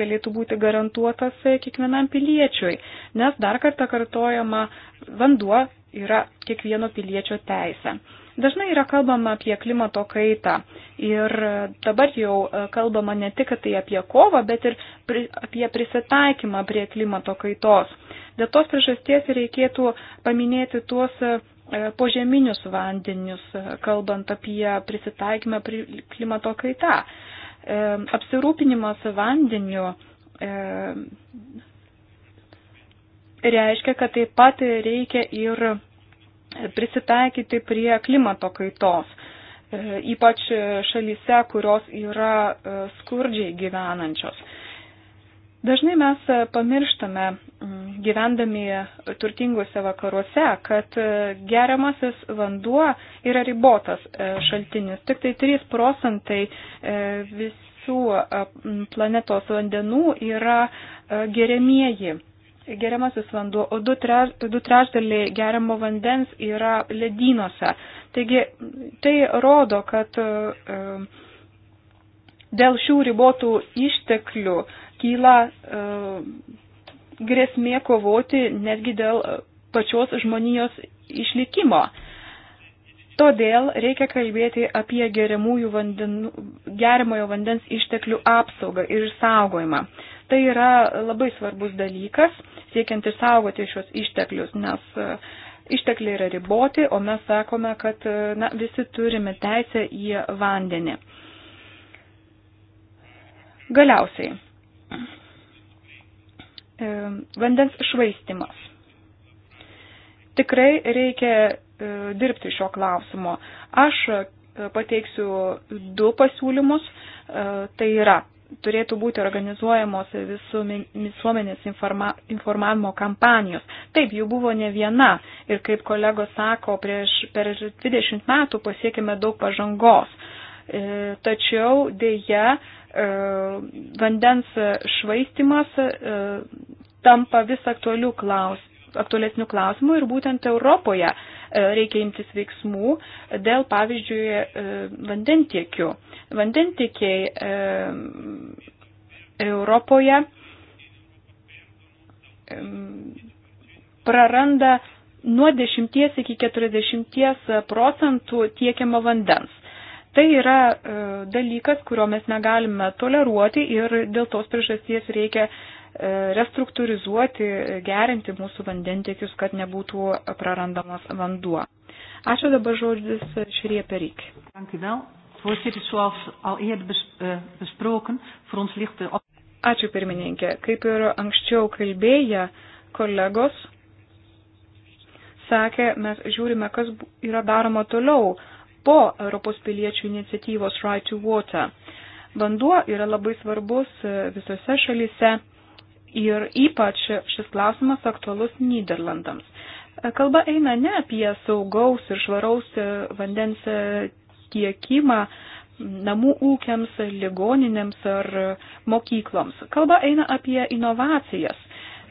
galėtų būti garantuotas kiekvienam piliečiui, nes dar kartą kartojama, vanduo yra kiekvieno piliečio teisė. Dažnai yra kalbama apie klimato kaitą ir dabar jau kalbama ne tik tai apie kovą, bet ir pri, apie prisitaikymą prie klimato kaitos. Dėl tos priežasties reikėtų paminėti tuos e, požeminius vandenius, kalbant apie prisitaikymą prie klimato kaitą. E, apsirūpinimas vandeniu e, reiškia, kad taip pat reikia ir prisitaikyti prie klimato kaitos, e, ypač šalyse, kurios yra e, skurdžiai gyvenančios. Dažnai mes e, pamirštame, gyvendami turtinguose vakaruose, kad geriamasis vanduo yra ribotas šaltinis. Tik tai 3 procentai visų planetos vandenų yra gerėmieji geriamasis vanduo, o du, treš, du trešdaliai geriamo vandens yra ledynuose. Taigi tai rodo, kad e, dėl šių ribotų išteklių kyla e, grėsmė kovoti netgi dėl pačios žmonijos išlikimo. Todėl reikia kalbėti apie geriamųjų vandenų, geriamojo vandens išteklių apsaugą ir saugojimą. Uh, Tai yra labai svarbus dalykas, siekiant išsaugoti šios išteklius, nes e, ištekliai yra riboti, o mes sakome, kad e, na, visi turime teisę į vandenį. Galiausiai. E, vandens švaistimas. Tikrai reikia dirbti šio klausimo. Aš pateiksiu du pasiūlymus. Tai yra turėtų būti organizuojamos visuomenės informa, informavimo kampanijos. Taip, jų buvo ne viena ir kaip kolegos sako, prieš, per 20 metų pasiekime daug pažangos. E, tačiau dėja e, vandens švaistimas e, tampa vis aktualių klaus, aktualesnių klausimų ir būtent Europoje e, reikia imtis veiksmų dėl, pavyzdžiui, e, vandentiekių. Vandentiekiai e, Europoje praranda nuo 10 iki 40 procentų tiekiamo vandens. Tai yra dalykas, kurio mes negalime toleruoti ir dėl tos priežasties reikia uh, restruktūrizuoti, gerinti mūsų vandentiekius, kad nebūtų prarandamas vanduo. Ačiū dabar žodis Širė Perik. Eh, er Ačiū pirmininkė. Kaip ir anksčiau kalbėję kolegos sakė, mes žiūrime, kas yra daroma toliau po Europos piliečių iniciatyvos Right to Water. Vanduo yra labai svarbus eh, visose šalyse Ir ypač šis klausimas aktualus Niderlandams. Kalba eina ne apie saugaus ir švaraus vandens tiekimą namų ūkiams, ligoninėms ar mokykloms. Kalba eina apie inovacijas.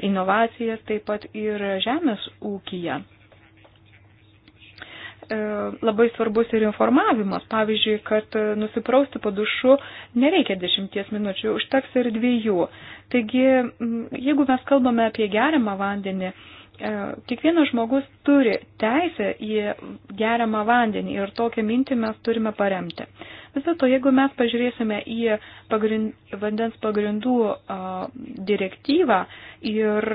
Inovacijas taip pat ir žemės ūkija. E, labai svarbus ir informavimas. Pavyzdžiui, kad nusiprausti po dušu nereikia dešimties minučių, užteks ir dviejų. Taigi, jeigu mes kalbame apie geriamą vandenį, e, kiekvienas žmogus turi teisę į geriamą vandenį ir tokią mintį mes turime paremti. Vis dėlto, jeigu mes pažiūrėsime į pagrind, vandens pagrindų a, direktyvą ir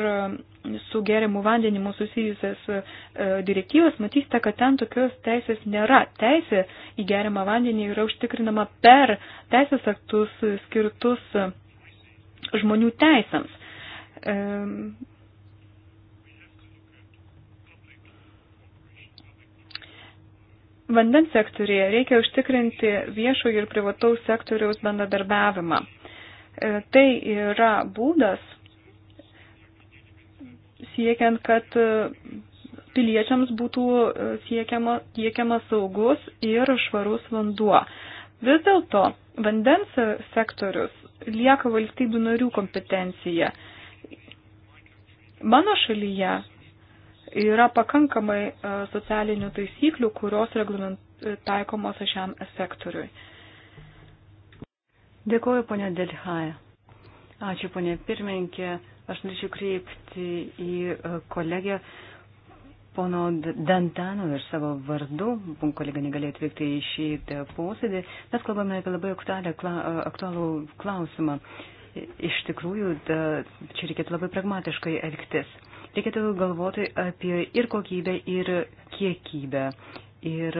su geriamu vandenimu susijusias a, e, direktyvas, matysite, kad ten tokios teisės nėra. Teisė į geriamą vandenį yra užtikrinama per teisės aktus skirtus žmonių teisėms. Vandens sektorėje reikia užtikrinti viešojo ir privataus sektoriaus bendradarbiavimą. E, tai yra būdas siekiant, kad e, piliečiams būtų e, siekiama, tiekiama saugus ir švarus vanduo. Vis dėlto vandens sektorius lieka valstybių narių kompetencija. Mano šalyje yra pakankamai e, socialinių taisyklių, kurios taikomos šiam sektoriui. Dėkuoju, ponė Delhaja. Ačiū, ponė pirmininkė. Aš norėčiau kreipti į e, kolegę. Uh, pono Dantano ir savo vardu, kolega negalėjo atvykti į šį e, posėdį, mes kalbame apie labai e, aktualų klausimą. Iš tikrųjų, da, čia reikėtų labai pragmatiškai elgtis. Reikėtų galvoti apie ir kokybę, ir kiekybę. Ir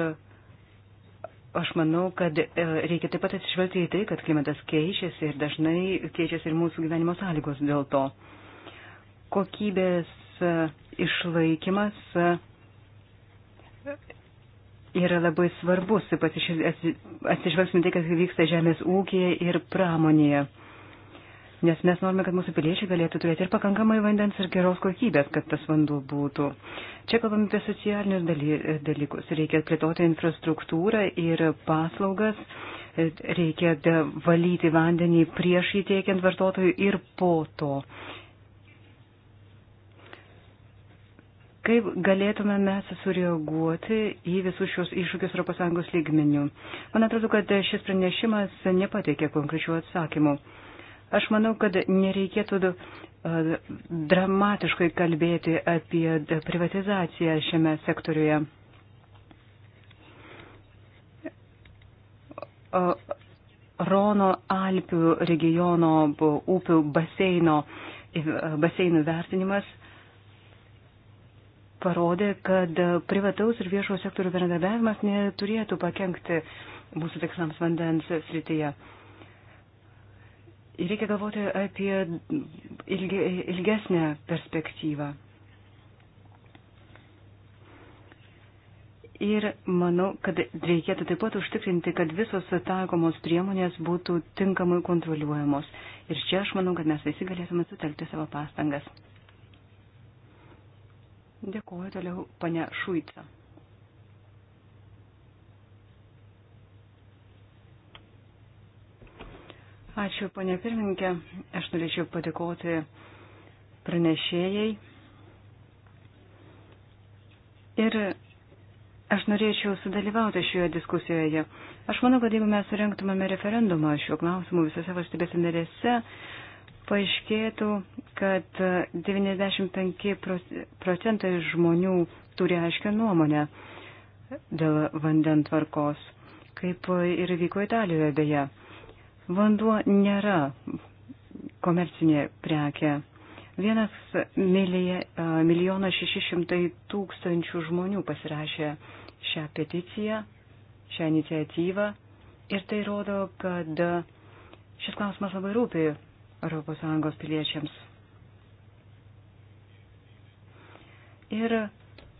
aš manau, kad e, reikia taip pat atsižvelgti į tai, kad klimatas keičiasi ir dažnai keičiasi ir mūsų gyvenimo sąlygos dėl to kokybės išlaikimas e, yra labai svarbus, ypač atsižvelgsime tai, kas vyksta žemės ūkėje ir pramonėje. Nes mes norime, kad mūsų piliečiai galėtų turėti ir pakankamai vandens ir geros kokybės, kad tas vanduo būtų. Čia kalbame apie socialinius dalykus. Reikia plėtoti infrastruktūrą ir paslaugas, reikia valyti vandenį prieš įtiekiant vartotojui ir po to. Kaip galėtume mes sureaguoti į visus šios iššūkius ES lygmenių? Man atrodo, kad šis pranešimas nepateikė konkrečių atsakymų. Aš manau, kad nereikėtų e, dramatiškai kalbėti apie privatizaciją šiame sektoriuje. Rono Alpių regiono upių baseino, baseinų vertinimas parodė, kad privataus ir viešojo sektorių bendradarbiavimas neturėtų pakengti mūsų tikslams vandens srityje. Ir reikia galvoti apie ilge, ilgesnę perspektyvą. Ir manau, kad reikėtų taip pat užtikrinti, kad visos taikomos priemonės būtų tinkamai kontroliuojamos. Ir čia aš manau, kad mes visi galėtume sutelkti savo pastangas. Dėkuoju toliau, pane Šuica. Ačiū, ponė pirmininkė. Aš norėčiau padėkoti pranešėjai. Ir aš norėčiau sudalyvauti šioje diskusijoje. Aš manau, kad jeigu mes surinktumėme referendumą šiuo klausimu visose valstybėse narėse, paaiškėtų, kad 95 procentai žmonių turi aiškę nuomonę dėl vandentvarkos, kaip ir vyko Italijoje beje. Vanduo nėra komercinė prekė. Vienas milijonas šešišimtai tūkstančių žmonių pasirašė šią peticiją, šią iniciatyvą ir tai rodo, kad šis klausimas labai rūpi ES piliečiams. Ir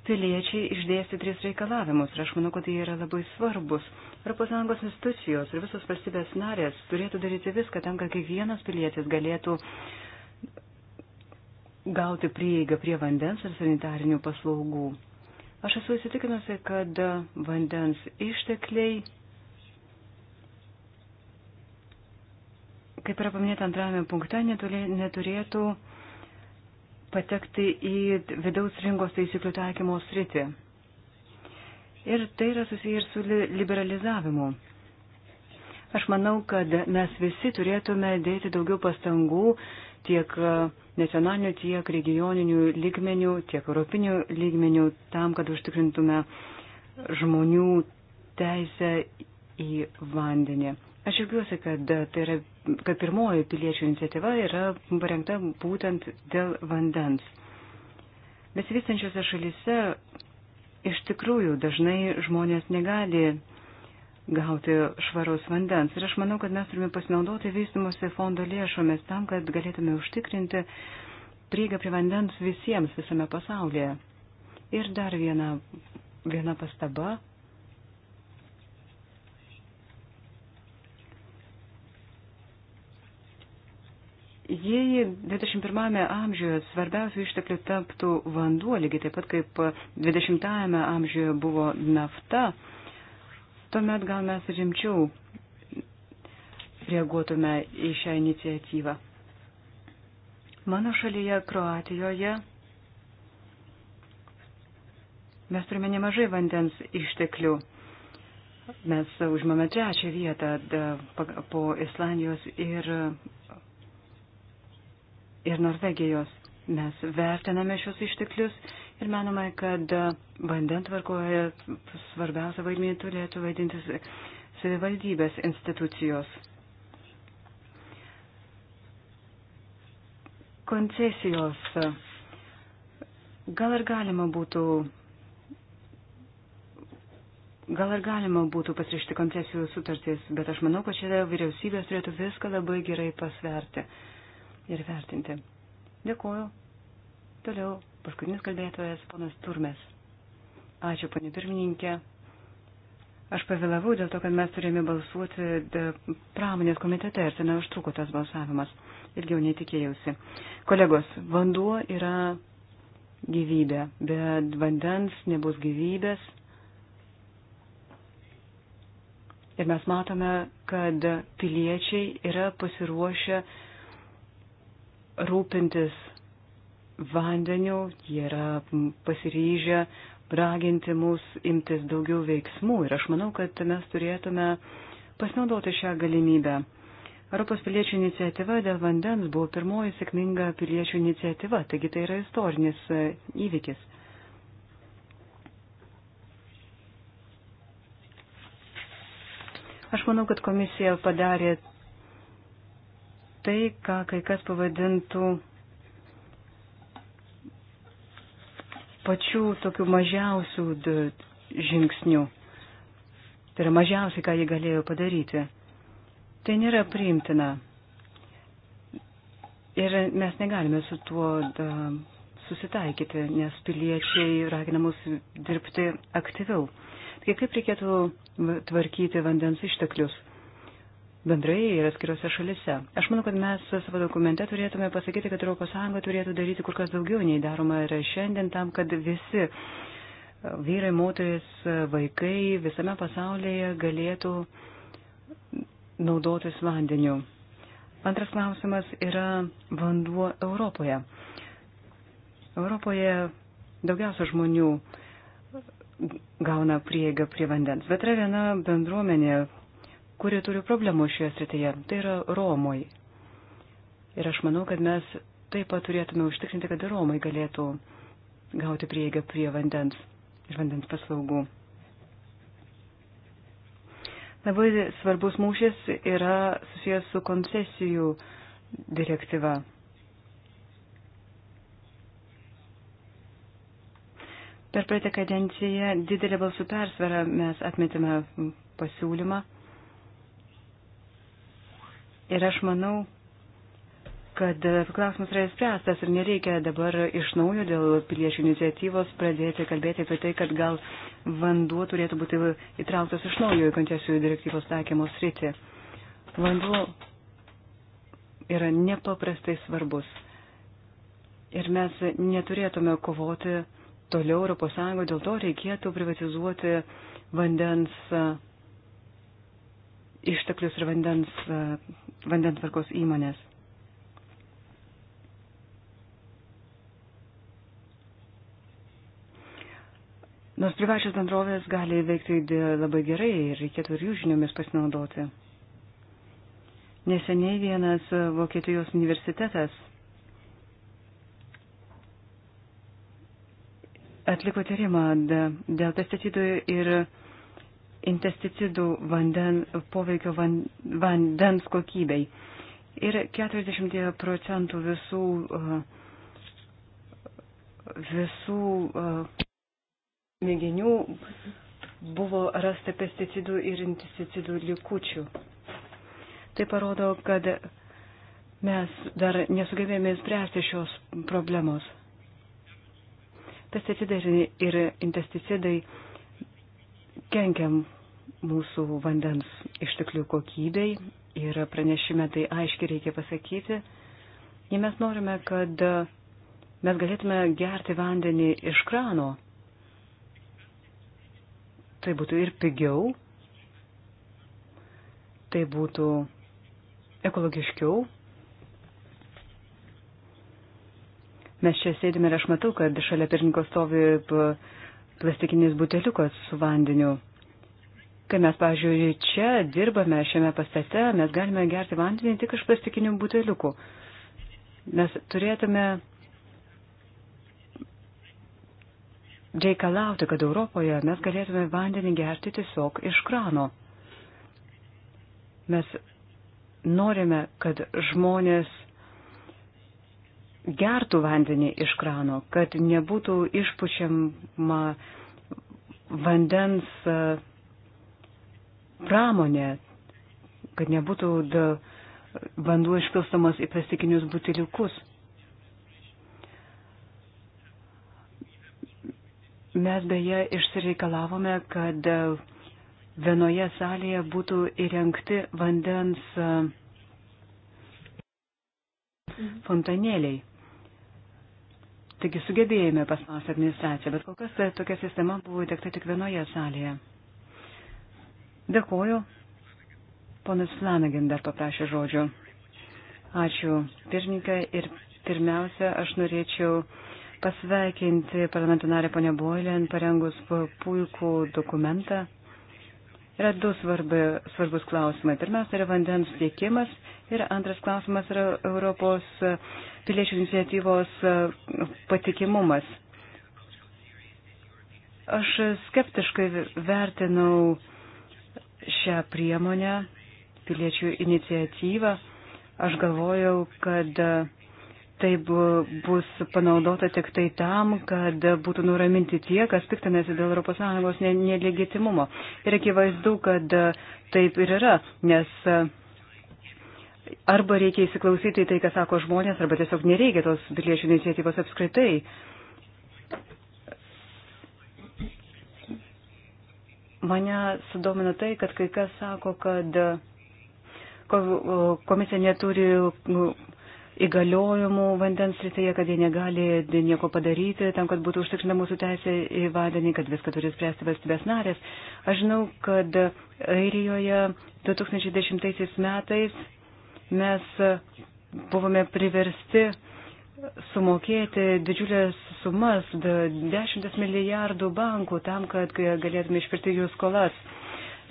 piliečiai išdėsti tris reikalavimus ir aš manau, kad jie yra labai svarbus. ES institucijos ir visos valstybės narės turėtų daryti viską tam, kad kiekvienas pilietis galėtų gauti prieigą prie vandens ir sanitarinių paslaugų. Aš esu įsitikinusi, kad vandens ištekliai kaip yra paminėta antrajame punkte, neturėtų patekti į vidaus rinkos taisyklių taikymo sritį. Ir tai yra susiję ir su liberalizavimu. Aš manau, kad mes visi turėtume dėti daugiau pastangų tiek nacionalinių, tiek regioninių lygmenių, tiek europinių lygmenių tam, kad užtikrintume žmonių teisę į vandenį. Aš ilgiuosi, kad tai yra kad pirmoji piliečių iniciatyva yra parengta būtent dėl vandens. Besivystančiose šalise iš tikrųjų dažnai žmonės negali gauti švaraus vandens. Ir aš manau, kad mes turime pasinaudoti vystimuose fondo lėšomis tam, kad galėtume užtikrinti prieigą prie vandens visiems visame pasaulyje. Ir dar viena, viena pastaba Jei 21-ame amžiuje svarbiausių išteklių taptų vanduo, lygiai taip pat kaip 20-ame amžiuje buvo nafta, tuomet gal mes rimčiau reaguotume į šią iniciatyvą. Mano šalyje, Kroatijoje, mes turime nemažai vandens išteklių. Mes užmame trečią vietą po Islandijos ir ir Norvegijos. Mes vertiname šios išteklius ir manome, kad vandentvarkoje svarbiausia vaidmenį turėtų vaidinti savivaldybės institucijos. Koncesijos. Gal ir galima būtų gal ir galima būtų pasirišti koncesijų sutartis, bet aš manau, kad šitą vyriausybės turėtų viską labai gerai pasverti ir vertinti. Dėkuoju. Toliau paskutinis kalbėtojas, ponas Turmes. Ačiū, ponė pirmininkė. Aš pavėlavau dėl to, kad mes turėjome balsuoti pramonės komitete ir senai užtruko tas balsavimas. Ilgiau netikėjausi. Kolegos, vanduo yra gyvybė. Be vandens nebus gyvybės. Ir mes matome, kad piliečiai yra pasiruošę uh, rūpintis vandeniu, jie yra pasiryžę raginti mus imtis daugiau veiksmų ir aš manau, kad mes turėtume pasinaudoti šią galimybę. Europos piliečių iniciatyva dėl vandens buvo pirmoji sėkminga piliečių iniciatyva, taigi tai yra istorinis e, įvykis. Aš manau, kad komisija padarė tai, ką kai kas pavadintų pačių tokių mažiausių žingsnių. Tai yra mažiausiai, ką jie galėjo padaryti. Tai nėra priimtina. Ir mes negalime su tuo da, susitaikyti, nes piliečiai ragina mus dirbti aktyviau. Tai kaip reikėtų tvarkyti vandens išteklius? bendrai ir atskirose šalise. Aš manau, kad mes savo dokumente turėtume pasakyti, kad ES turėtų daryti kur kas daugiau nei daroma yra šiandien tam, kad visi e, vyrai, moteris, e, vaikai visame pasaulyje galėtų naudotis vandeniu. Antras klausimas yra vanduo Europoje. Europoje daugiausia žmonių gauna prieigą prie vandens, bet yra viena bendruomenė, kuri turi problemų šioje srityje, tai yra Romai. Ir aš manau, kad mes taip pat turėtume užtikrinti, kad ir Romai galėtų gauti prieigą prie vandens ir vandens paslaugų. Labai svarbus mūšis yra susijęs su koncesijų direktyva. Per praeitą kadenciją didelį balsų persvarą mes atmetėme pasiūlymą Ir aš manau, kad klausimas yra įspręstas ir nereikia dabar iš naujo dėl piliečių iniciatyvos pradėti kalbėti apie tai, kad gal vanduo turėtų būti įtrauktas iš naujo į koncesijų direktyvos taikymo sritį. Vanduo yra nepaprastai svarbus. Ir mes neturėtume kovoti toliau Europos Sąjungo, dėl to reikėtų privatizuoti vandens e, išteklius ir vandens e, vandentvarkos įmonės. Nors privačios bendrovės gali veikti labai gerai ir reikėtų ir jų žiniomis pasinaudoti. Neseniai vienas Vokietijos universitetas atliko tyrimą dėl pesticidų ir intesticidų vanden, poveikio van, vandens kokybei. Ir 40 procentų visų, uh, visų uh, mėginių buvo rasta pesticidų ir intisticidų likučių. Tai parodo, kad mes dar nesugebėjome spręsti šios problemos. Pesticidai ir intesticidai kenkiam mūsų vandens išteklių kokybei ir pranešime tai aiškiai reikia pasakyti. Jei mes norime, kad mes galėtume gerti vandenį iš krano, tai būtų ir pigiau, tai būtų ekologiškiau. Mes čia sėdime ir aš matau, kad šalia pirmininko stovi plastikinis buteliukas su vandeniu. Kai mes, pavyzdžiui, čia dirbame šiame pastate, mes galime gerti vandenį tik iš plastikinių buteliukų. Mes turėtume reikalauti, kad Europoje mes galėtume vandenį gerti tiesiog iš krano. Mes norime, kad žmonės gertų vandenį iš krano, kad nebūtų išpučiama vandens e, pramonė, kad nebūtų vanduo išpilstamas į plastikinius buteliukus. Mes beje išsireikalavome, kad vienoje salėje būtų įrengti vandens e, fontanėliai. Taigi sugebėjome paspausti administraciją, bet kol kas e, tokia sistema buvo įtekta tik vienoje salėje. Dėkuoju. Ponas Flanagin dar paprašė žodžio. Ačiū, pirmininkai, ir pirmiausia, aš norėčiau pasveikinti parlamentinarę ponę Boilę parengus puikų dokumentą. Yra du svarbi, svarbus klausimai. Pirmiausia yra vandens tiekimas ir antras klausimas yra Europos piliečių iniciatyvos e, patikimumas. Aš skeptiškai vertinau šią priemonę, piliečių iniciatyvą. Aš galvojau, kad tai bus panaudota tik tai tam, kad būtų nuraminti tie, kas piktinasi dėl ES nelegitimumo. Ir akivaizdu, kad taip ir yra, nes arba reikia įsiklausyti į tai, ką sako žmonės, arba tiesiog nereikia tos piliečių iniciatyvos apskritai. Mane sudomino tai, kad kai kas sako, kad komisija neturi įgaliojimų vandens srityje, kad jie negali nieko padaryti tam, kad būtų užtikrina mūsų teisė į vandenį, kad viską turi spręsti valstybės narės. Aš žinau, kad Airijoje 2010 metais mes buvome priversti sumokėti didžiulės sumas, dešimtis milijardų bankų tam, kad galėtume išpirkti jų skolas.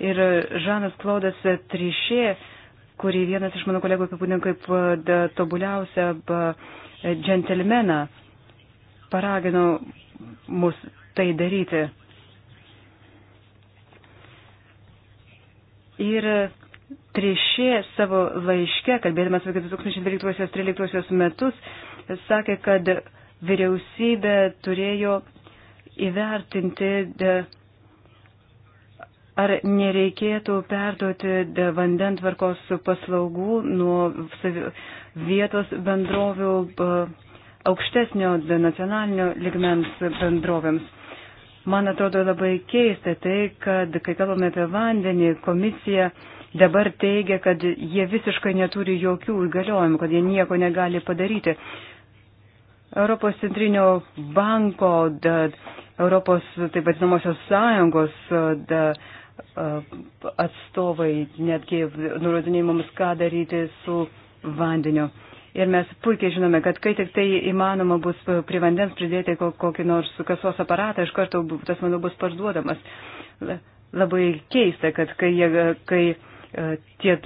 Ir Žanas Klaudas Trišė kurį vienas iš mano kolegų apibūdino kaip e, tobuliausią e, džentelmeną, paragino mus tai daryti. Ir Trišė savo laiške, kalbėdamas apie 2012-2013 metus, sakė, kad vyriausybė turėjo įvertinti ar nereikėtų perduoti e, vandentvarkos paslaugų nuo vietos bendrovių e, aukštesnio e, nacionalinio ligmens bendrovėms. Man atrodo labai keista tai, kad kai kalbame apie vandenį, komisija dabar teigia, kad jie visiškai neturi jokių įgaliojimų, kad jie nieko negali padaryti. Europos centrinio banko, da, Europos taip vadinamosios sąjungos da, uh, atstovai netgi nurodinėjai mums, ką daryti su vandeniu. Ir mes puikiai žinome, kad kai tik tai įmanoma bus prie vandens pridėti kokį nors kasos aparatą, iš karto tas, manau, bus parduodamas. Labai keista, kad kai, jie, kai tie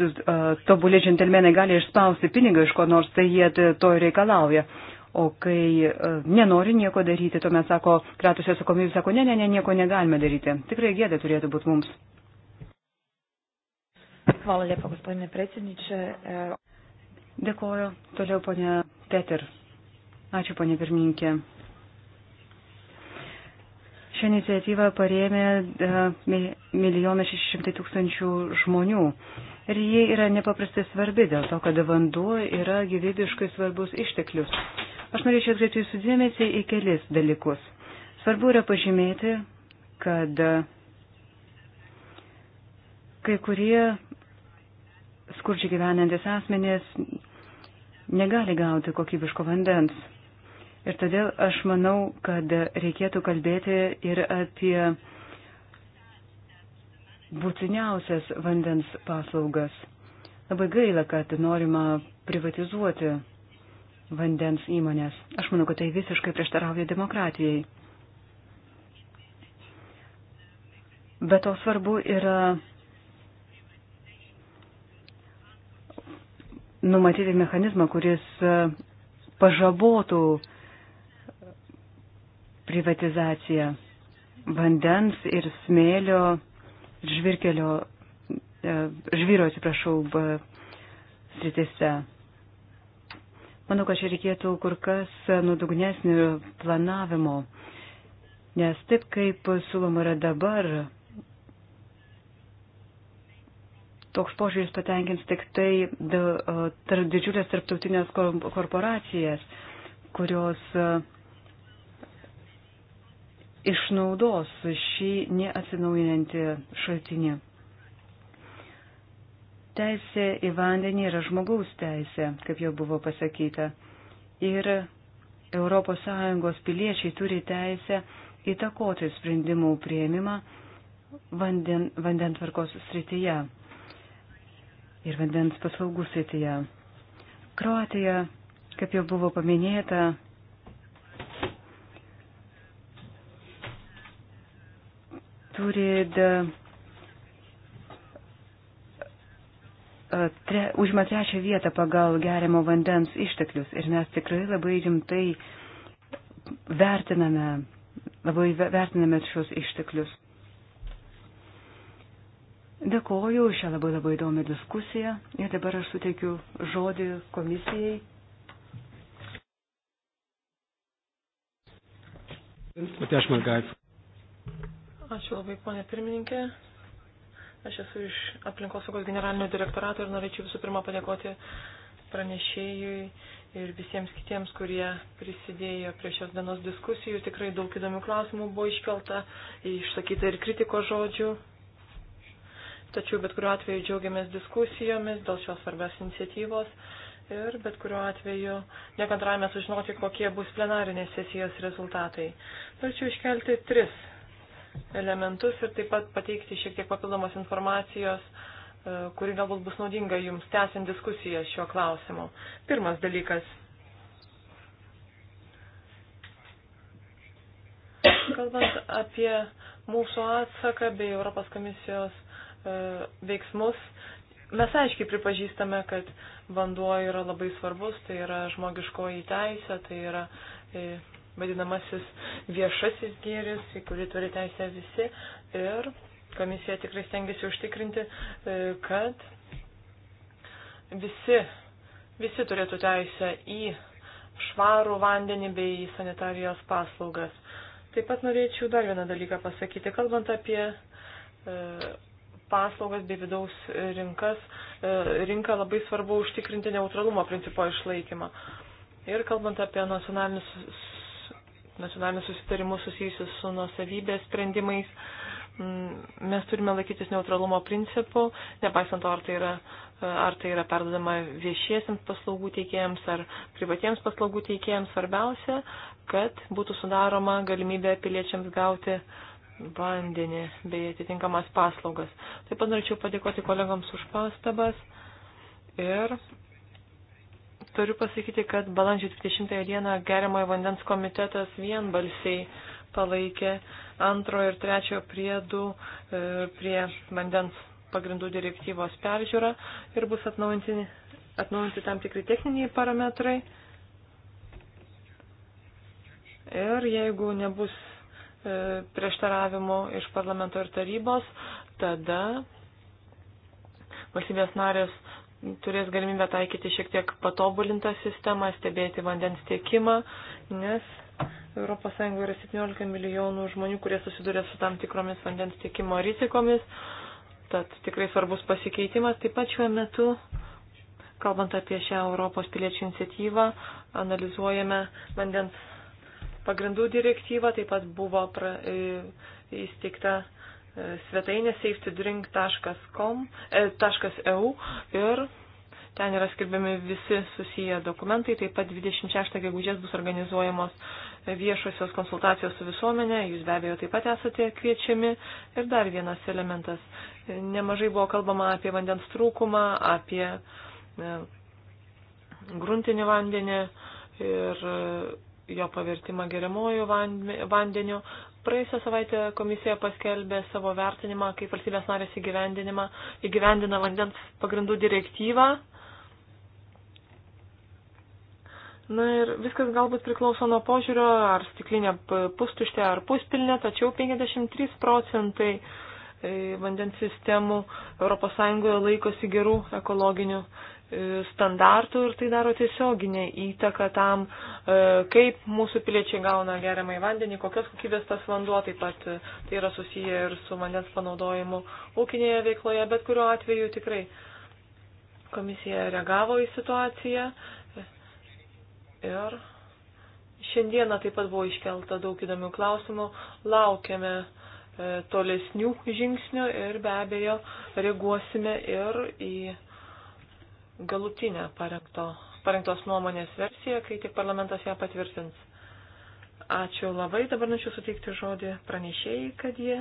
tobulė džentelmenai gali išspausti pinigą iš ko nors, tai jie to reikalauja. O kai e, nenori nieko daryti, tuomet sako, kratusi atsakomybė, sako, ne, ne, ne, nieko negalime daryti. Tikrai gėda turėtų būti mums. Hvala lijepa, gospodine predsjedniče. E, Dėkoju. Toliau, ponė Peter. Ačiū, ponė pirmininkė. Šią iniciatyvą parėmė e, milijonas šešišimtai tūkstančių žmonių. Ir jie yra nepaprastai svarbi dėl to, kad vanduo yra gyvybiškai svarbus išteklius. Aš norėčiau atkreipti jūsų dėmesį į kelis dalykus. Svarbu yra pažymėti, kad kai kurie skurdžiai gyvenantis asmenės negali gauti kokybiško vandens. Ir todėl aš manau, kad reikėtų kalbėti ir apie būtiniausias vandens paslaugas. Labai gaila, kad norima privatizuoti vandens įmonės. Aš manau, kad tai visiškai prieštarauja demokratijai. Bet to svarbu yra numatyti mechanizmą, kuris e, pažabotų privatizaciją vandens ir smėlio ir žvirkelio, e, žvyro, atsiprašau, sritise. Manau, kad čia reikėtų kur kas nuodugnesnio planavimo, nes taip kaip siūloma yra dabar, toks požiūris patenkins tik tai tarp didžiulės tarptautinės korporacijas, kurios išnaudos šį neatsinaujinantį šaltinį. Teisė į vandenį yra žmogaus teisė, kaip jau buvo pasakyta. Ir ES piliečiai turi teisę įtakoti sprendimų prieimimą vanden, vandentvarkos srityje ir vandens paslaugų srityje. Kroatija, kaip jau buvo paminėta, turi da, E, tre, užima trečią vietą pagal geriamo vandens išteklius ir mes tikrai labai rimtai vertiname, labai vertiname šios išteklius. Dėkoju šią labai labai įdomią diskusiją ir dabar aš suteikiu žodį komisijai. Ačiū labai, ponė pirmininkė. Aš esu iš aplinkosaugos generalinio direktorato ir norėčiau visų pirma padėkoti pranešėjui ir visiems kitiems, kurie prisidėjo prie šios dienos diskusijų. Tikrai daug įdomių klausimų buvo iškelta, išsakyta ir kritiko žodžių. Tačiau bet kuriuo atveju džiaugiamės diskusijomis dėl šios svarbios iniciatyvos ir bet kuriuo atveju nekantravime sužinoti, kokie bus plenarinės sesijos rezultatai. Norėčiau iškelti tris elementus ir taip pat pateikti šiek tiek papildomos informacijos, e, kuri galbūt bus naudinga jums tęsiant diskusijas šiuo klausimu. Pirmas dalykas. Kalbant apie mūsų atsaką bei Europos komisijos e, veiksmus, mes aiškiai pripažįstame, kad vanduo yra labai svarbus, tai yra žmogiškoji teisė, tai yra e, vadinamasis viešasis gėris, į kurį turi teisę visi. Ir komisija tikrai stengiasi užtikrinti, e, kad visi, visi turėtų teisę į švarų vandenį bei į sanitarijos paslaugas. Taip pat norėčiau dar vieną dalyką pasakyti, kalbant apie e, paslaugas bei vidaus rinkas, e, rinka labai svarbu užtikrinti neutralumo principo išlaikymą. Ir kalbant apie nacionalinius nacionalinius susitarimus susijusius su nuosavybės sprendimais, mm, mes turime laikytis neutralumo principų, nepaisant to, ar tai yra, ar tai yra perdodama viešiesiams paslaugų teikėjams ar privatiems paslaugų teikėjams. Svarbiausia, kad būtų sudaroma galimybė piliečiams gauti vandenį bei atitinkamas paslaugas. Taip pat norėčiau padėkoti kolegams už pastabas ir Turiu pasakyti, kad balandžio 20 dieną geriamojo vandens komitetas vienbalsiai palaikė antrojo ir trečiojo priedų e, prie vandens pagrindų direktyvos peržiūrą ir bus atnaujinti, atnaujinti tam tikri techniniai parametrai. Ir jeigu nebus e, prieštaravimų iš parlamento ir tarybos, tada valstybės narės turės galimybę taikyti šiek tiek patobulintą sistemą, stebėti vandens tiekimą, nes ES yra 17 milijonų žmonių, kurie susiduria su tam tikromis vandens tiekimo rizikomis. Tad tikrai svarbus pasikeitimas. Taip pat šiuo metu, kalbant apie šią Europos piliečių iniciatyvą, analizuojame vandens pagrindų direktyvą. Taip pat buvo pra, e, įsteigta svetainė safetydrink.com.eu e, ir ten yra skelbiami visi susiję dokumentai. Taip pat 26 gegužės bus organizuojamos viešosios konsultacijos su visuomenė, jūs be abejo taip pat esate kviečiami. Ir dar vienas elementas. Nemažai buvo kalbama apie vandens trūkumą, apie e, gruntinį vandenį ir jo pavertimą geriamuoju vandeniu. Praėjusią savaitę komisija paskelbė savo vertinimą, kaip valstybės narės įgyvendina vandens pagrindų direktyvą. Na ir viskas galbūt priklauso nuo požiūrio, ar stiklinė pustuštė, ar puspilnė, tačiau 53 procentai e, vandens sistemų ES laikosi gerų ekologinių E, standartų ir tai daro tiesioginę įtaką tam, e, kaip mūsų piliečiai gauna geriamą į vandenį, kokios kokybės tas vanduo, taip pat e, tai yra susiję ir su vandens panaudojimu ūkinėje veikloje, bet kuriuo atveju tikrai komisija reagavo į situaciją ir šiandieną taip pat buvo iškelta daug įdomių klausimų, laukiame tolesnių žingsnių ir be abejo reaguosime ir į galutinę parengto, parengtos nuomonės versiją, kai tik parlamentas ją patvirtins. Ačiū labai, dabar norėčiau suteikti žodį pranešėjai, kad jie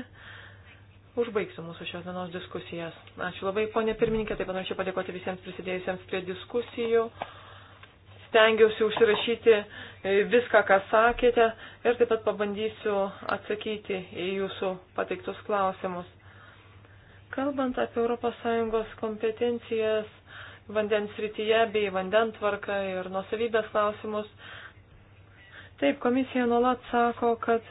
užbaigsiu mūsų šios dienos diskusijas. Ačiū labai, ponė pirmininkė, taip pat norėčiau padėkoti visiems prisidėjusiems prie diskusijų. Stengiausi užsirašyti e, viską, ką sakėte ir taip pat pabandysiu atsakyti į jūsų pateiktus klausimus. Kalbant apie ES kompetencijas, vandens rytyje bei vandentvarką ir nusavybės klausimus. Taip, komisija nuolat sako, kad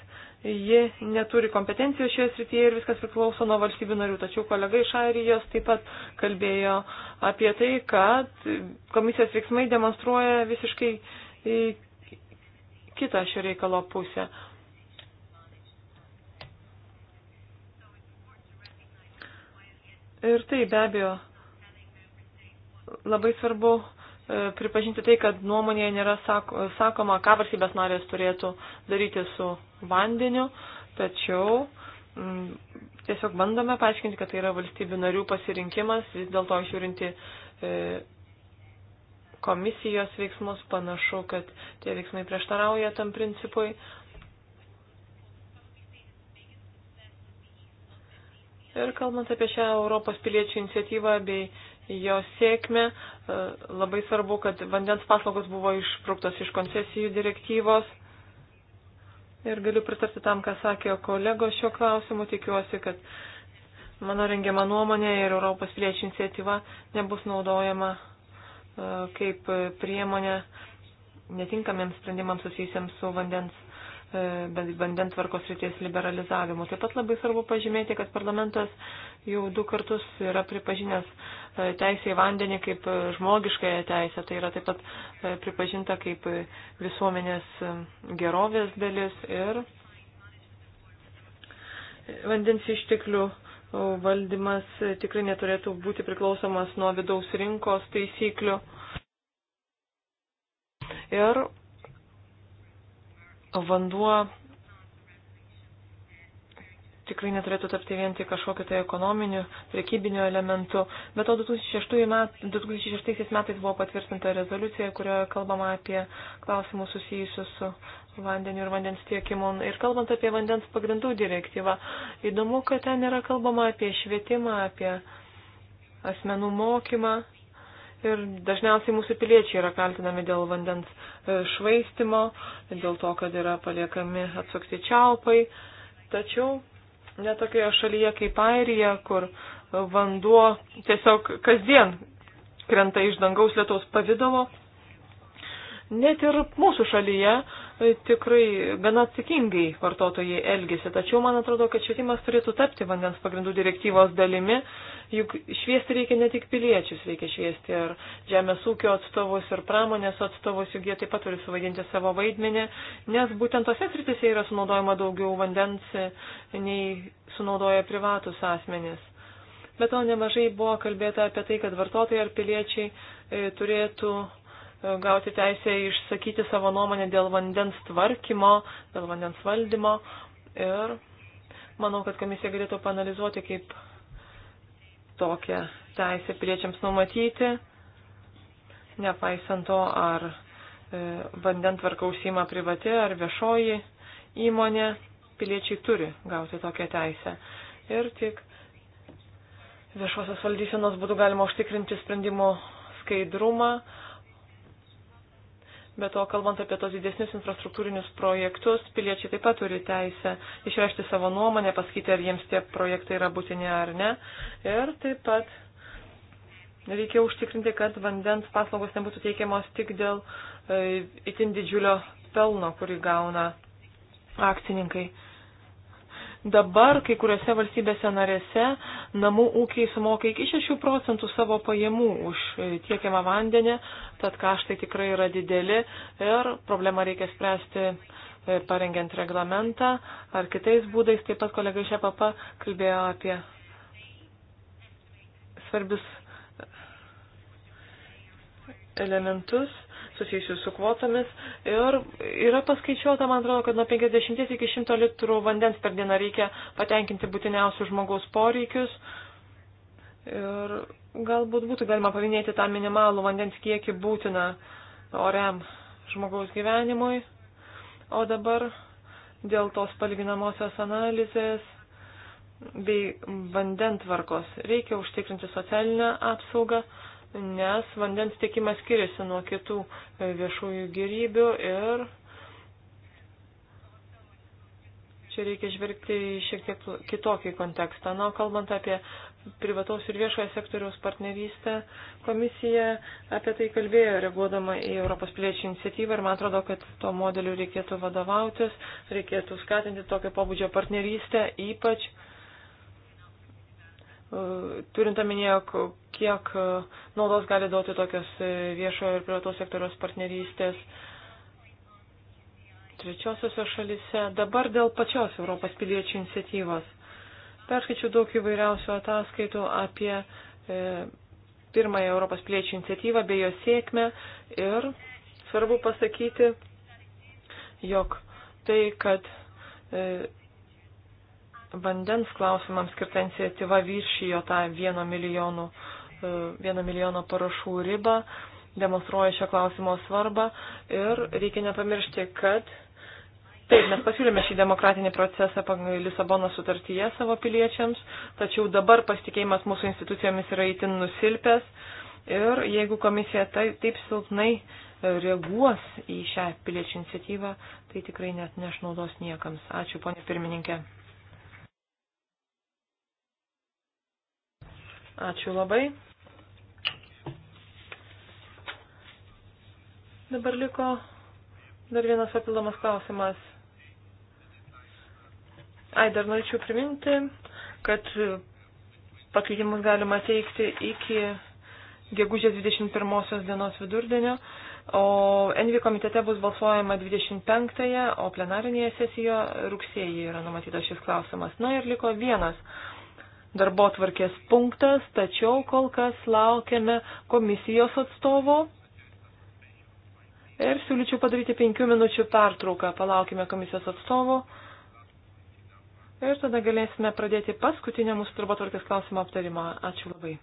ji neturi kompetencijos šioje srityje ir viskas priklauso nuo valstybių narių. Tačiau kolega iš Airijos taip pat kalbėjo apie tai, kad komisijos veiksmai demonstruoja visiškai kitą šio reikalo pusę. Ir tai be abejo labai svarbu e, pripažinti tai, kad nuomonėje nėra sakoma, ką valstybės narės turėtų daryti su vandeniu, tačiau m, tiesiog bandome paaiškinti, kad tai yra valstybių narių pasirinkimas, vis dėlto žiūrinti e, komisijos veiksmus panašu, kad tie veiksmai prieštarauja tam principui. Ir kalbant apie šią Europos piliečių iniciatyvą bei jo sėkmę. E, labai svarbu, kad vandens paslaugos buvo išprūktos iš koncesijų direktyvos. Ir galiu pritarti tam, ką sakė kolegos šiuo klausimu. Tikiuosi, kad mano rengiama nuomonė ir Europos piliečių iniciatyva nebus naudojama e, kaip priemonė netinkamiems sprendimams susijusiams su vandens E, vandentvarkos ryties liberalizavimu. Taip pat labai svarbu pažymėti, kad parlamentas jau du kartus yra pripažinęs e, teisę į vandenį kaip e, žmogiškąją teisę. Tai yra taip pat pripažinta kaip visuomenės gerovės dalis ir vandens išteklių valdymas tikrai neturėtų būti priklausomas nuo vidaus rinkos taisyklių. Ir vanduo tikrai neturėtų tapti vien tik kažkokiu tai ekonominiu, prekybiniu elementu. Bet to 2006, met, 2006 metais buvo patvirtinta rezoliucija, kurioje kalbama apie klausimus susijusius su vandeniu ir vandens tiekimu. Ir kalbant apie vandens pagrindų direktyvą, įdomu, kad ten yra kalbama apie švietimą, apie asmenų mokymą. Ir dažniausiai mūsų piliečiai yra kaltinami dėl vandens e, švaistimo, dėl to, kad yra paliekami atsukti čiaupai. Tačiau netokioje šalyje kaip Airija, kur vanduo tiesiog kasdien krenta iš dangaus lietaus pavydavo, net ir mūsų šalyje E, tikrai gana atsakingai vartotojai elgesi. Tačiau man atrodo, kad švietimas turėtų tapti vandens pagrindų direktyvos dalimi, juk šviesti reikia ne tik piliečius, reikia šviesti ir žemės ūkio atstovus, ir pramonės atstovus, juk jie taip pat turi suvaidinti savo vaidmenį, nes būtent tose sritise yra sunaudojama daugiau vandens, e, nei sunaudoja privatus asmenys. Bet to nemažai buvo kalbėta apie tai, kad vartotojai ar piliečiai e, turėtų gauti teisę išsakyti savo nuomonę dėl vandens tvarkymo, dėl vandens valdymo. Ir manau, kad komisija galėtų panalizuoti, kaip tokią teisę piliečiams numatyti, nepaisant to, ar e, vandentvarka užsima privati ar viešoji įmonė, piliečiai turi gauti tokią teisę. Ir tik viešosios valdysenos būtų galima užtikrinti sprendimų skaidrumą, Be to, kalbant apie tos didesnius infrastruktūrinius projektus, piliečiai taip pat turi teisę išreikšti savo nuomonę, pasakyti, ar jiems tie projektai yra būtini ar ne. Ir taip pat reikia užtikrinti, kad vandens paslaugos nebūtų teikiamos tik dėl e, itin didžiulio pelno, kurį gauna akcininkai. Dabar kai kuriuose valstybėse narėse namų ūkiai sumoka iki 6 procentų savo pajamų už e, tiekiamą vandenį, tad kaštai tikrai yra dideli ir problemą reikia spręsti e, parengiant reglamentą ar kitais būdais. Taip pat kolega iš EPP kalbėjo apie svarbius elementus susijusių su kvotomis ir yra paskaičiuota, man atrodo, kad nuo 50 iki 100 litrų vandens per dieną reikia patenkinti būtiniausius žmogaus poreikius. Ir galbūt būtų galima paminėti tą minimalų vandens kiekį būtiną oriam žmogaus gyvenimui. O dabar dėl tos palyginamosios analizės bei vandentvarkos reikia užtikrinti socialinę apsaugą nes vandens tiekimas skiriasi nuo kitų e, viešųjų gyrybių ir čia reikia žvelgti į šiek tiek kitokį kontekstą. Na, kalbant apie privataus ir viešojo sektoriaus partnerystę, komisija apie tai kalbėjo, reaguodama į Europos piliečių iniciatyvą ir man atrodo, kad to modeliu reikėtų vadovautis, reikėtų skatinti tokio pabudžio partnerystę, ypač uh, turint omenyje, kiek e, naudos gali duoti tokios e, viešojo ir privataus sektoriaus partnerystės trečiosiuose šalise, dabar dėl pačios Europos piliečių iniciatyvos. Perskaičiau daug įvairiausių ataskaitų apie e, pirmąją Europos piliečių iniciatyvą bei jos sėkmę ir svarbu pasakyti, jog tai, kad e, vandens klausimams skirta iniciatyva viršijo tą vieno milijono, e, vieno milijono parašų ribą, demonstruoja šio klausimo svarbą ir reikia nepamiršti, kad Taip, mes pasiūlėme šį demokratinį procesą Lisabono sutartyje savo piliečiams, tačiau dabar pasitikėjimas mūsų institucijomis yra įtin nusilpęs ir jeigu komisija taip, taip silpnai e, reaguos į šią piliečių iniciatyvą, tai tikrai net neš naudos niekams. Ačiū, ponė pirmininkė. Ačiū labai. Dabar liko dar vienas papildomas klausimas. Ai, dar norėčiau priminti, kad pakeitimus galima teikti iki gegužės 21 dienos vidurdienio, o Envi komitete bus balsuojama 25-ąją, o plenarinėje sesijoje rugsėjai yra numatytas šis klausimas. Na ir liko vienas darbo tvarkės punktas, tačiau kol kas laukiame komisijos atstovo. Ir siūlyčiau padaryti penkių minučių pertrauką. Palaukime komisijos atstovo. Ir tada galėsime pradėti paskutinę mūsų darbo tvarkės klausimą aptarimą. Ačiū labai.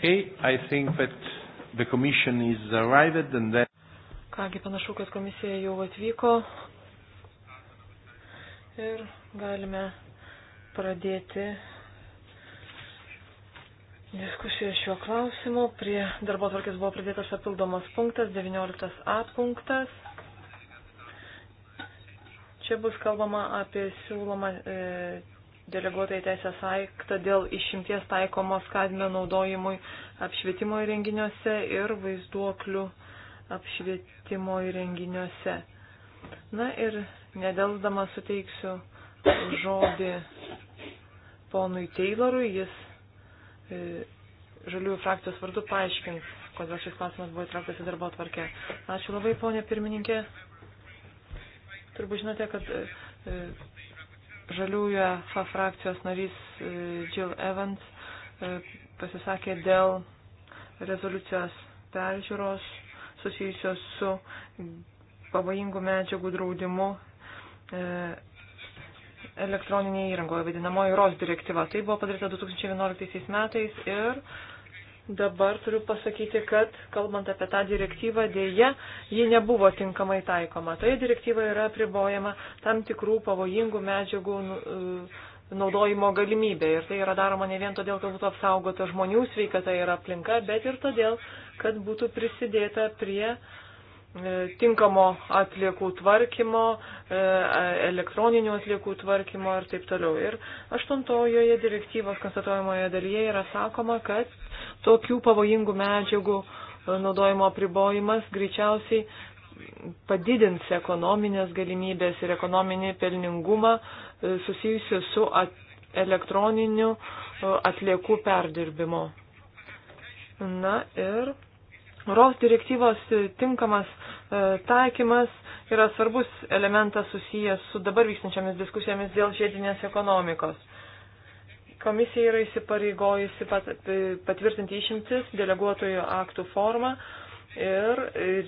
Okay, I think that the commission is arrived and then... Kągi panašu, kad komisija jau atvyko ir galime pradėti diskusiją šiuo klausimu. Prie darbo tvarkės buvo pridėtas papildomas punktas, 19a punktas. Čia bus kalbama apie siūlomą e, deleguotai teisės aktą dėl išimties taikomos kadmio naudojimui apšvietimo įrenginiuose ir vaizduoklių apšvietimo įrenginiuose. Na ir nedelsdama suteiksiu žodį ponui Taylorui, jis e, žaliųjų frakcijos vardu paaiškins, kodėl šis klausimas buvo įtrauktas į darbo atvarkę. Ačiū labai, ponė pirmininkė. Turbūt žinote, kad e, Žaliųjų FA frakcijos narys e, Jill Evans e, pasisakė dėl rezoliucijos peržiūros susijusios su pavojingų medžiagų draudimu e, elektroninėje įrangoje, vadinamoji ROS direktyva. Tai buvo padaryta 2011 metais ir Dabar turiu pasakyti, kad kalbant apie tą direktyvą, dėje ji nebuvo tinkamai taikoma. Toje direktyvoje yra pribojama tam tikrų pavojingų medžiagų nu, e, naudojimo galimybė. Ir tai yra daroma ne vien todėl, kad būtų apsaugota žmonių sveikata ir aplinka, bet ir todėl, kad būtų prisidėta prie uh, E, tinkamo atliekų tvarkymo, e, elektroninių atliekų tvarkymo ir taip toliau. Ir aštuntojoje direktyvos konstatuojamoje dalyje yra sakoma, kad tokių pavojingų medžiagų e, naudojimo apribojimas greičiausiai padidins ekonominės galimybės ir ekonominį pelningumą susijusiu su at elektroniniu atliekų perdirbimu. Na ir Ros direktyvos e, tinkamas e, taikymas yra svarbus elementas susijęs su dabar vykstančiamis diskusijomis dėl žiedinės ekonomikos. Komisija yra įsipareigojusi e, patvirtinti išimtis deleguotojų aktų formą ir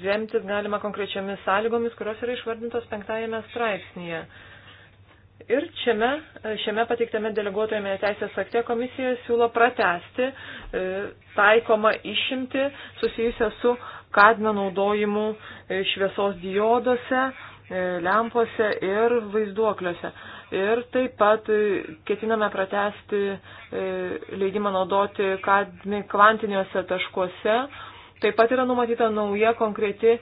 remtis galima konkrečiamis sąlygomis, kurios yra išvardintos penktajame straipsnėje. Ir šiame, šiame pateiktame deleguotojame teisės akte komisija siūlo pratesti e, taikomą išimti susijusią su kadmio naudojimu e, šviesos diodose, e, lempose ir vaizduokliuose. Ir taip pat ketiname pratesti leidimą naudoti kadmi kvantiniuose taškuose. Taip pat yra numatyta nauja konkreti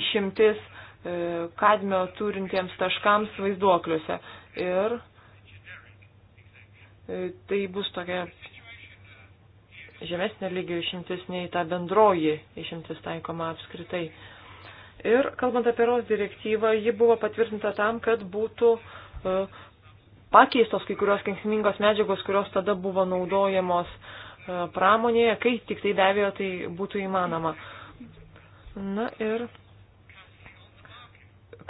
išimtis E, kadmio turintiems taškams vaizduokliuose. Ir e, tai bus tokia žemesnė lygio išimtis nei ta bendroji išimtis taikoma apskritai. Ir kalbant apie ROS direktyvą, ji buvo patvirtinta tam, kad būtų e, pakeistos kai kurios kenksmingos medžiagos, kurios tada buvo naudojamos pramonėje, kai tik tai be abejo tai būtų įmanoma. Na ir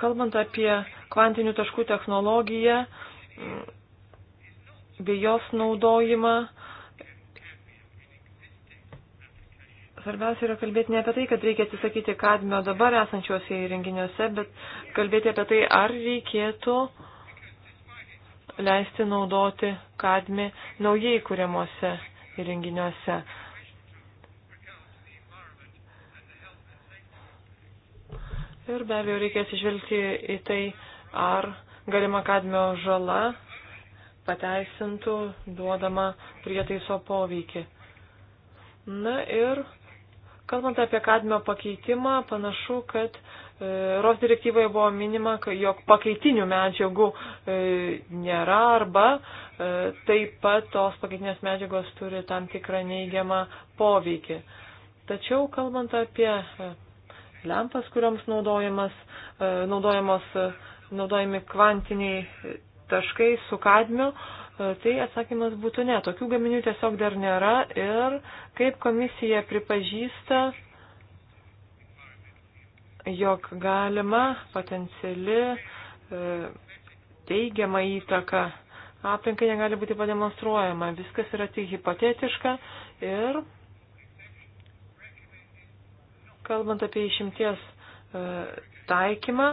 Kalbant apie kvantinių taškų technologiją bei jos naudojimą, Svarbiausia yra kalbėti ne apie tai, kad reikia atsisakyti kadmio dabar esančiuose įrenginiuose, bet kalbėti apie tai, ar reikėtų leisti naudoti kadmį naujai kūriamuose įrenginiuose. Ir be abejo reikės išvelgti į tai, ar galima kadmio žala pateisintų duodama prietaiso poveikį. Na ir kalbant apie kadmio pakeitimą, panašu, kad e, ROS direktyvoje buvo minima, jog pakeitinių medžiagų e, nėra arba e, taip pat tos pakeitinės medžiagos turi tam tikrą neigiamą poveikį. Tačiau kalbant apie lempas, kuriams naudojamas, e, naudojamos, e, naudojami kvantiniai taškai su kadmiu, e, tai atsakymas būtų ne. Tokių gaminių tiesiog dar nėra ir kaip komisija pripažįsta, jog galima potenciali teigiama įtaka aplinkai negali būti pademonstruojama. Viskas yra tik hipotetiška ir Kalbant apie išimties e, taikymą,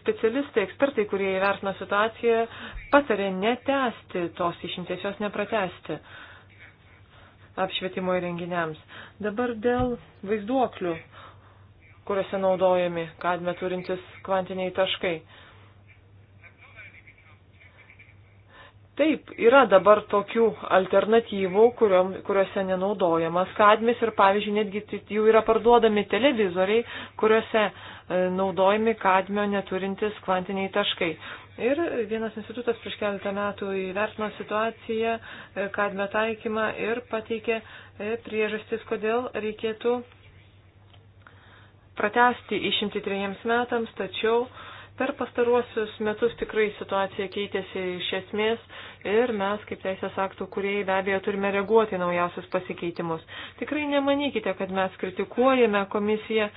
specialistai, ekspertai, kurie įvertino situaciją, patarė netesti tos išimties, jos nepratesti apšvietimo įrenginiams. Dabar dėl vaizduoklių, kuriuose naudojami kadme turintis kvantiniai taškai. Uh, Taip, yra dabar tokių alternatyvų, kuriom, kuriuose nenaudojamas kadmis ir, pavyzdžiui, netgi jų yra parduodami televizoriai, kuriuose e, naudojami kadmio neturintis kvantiniai taškai. Ir vienas institutas prieš keletą metų įvertino situaciją, e, kadmio taikymą ir pateikė e, priežastis, kodėl reikėtų pratesti išimti trejiems metams, tačiau e, Per pastaruosius metus tikrai situacija keitėsi iš esmės ir mes, kaip teisės aktų kuriejai, be abejo turime reaguoti naujausius pasikeitimus. Tikrai nemanykite, kad mes kritikuojame komisiją.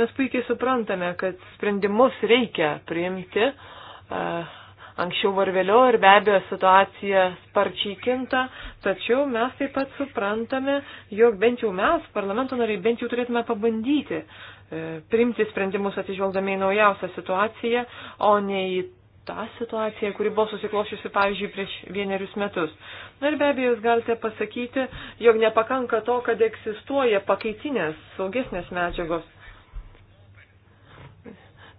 Mes puikiai suprantame, kad sprendimus reikia priimti. Uh, anksčiau ar vėliau ir be abejo situacija sparčiai kinta, tačiau mes taip pat suprantame, jog bent jau mes, parlamento nariai, bent jau turėtume pabandyti e, priimti sprendimus atsižvelgdami į naujausią situaciją, o ne į tą situaciją, kuri buvo susiklošiusi, pavyzdžiui, prieš vienerius metus. Na ir be abejo, jūs galite pasakyti, jog nepakanka to, kad egzistuoja pakaitinės, saugesnės medžiagos.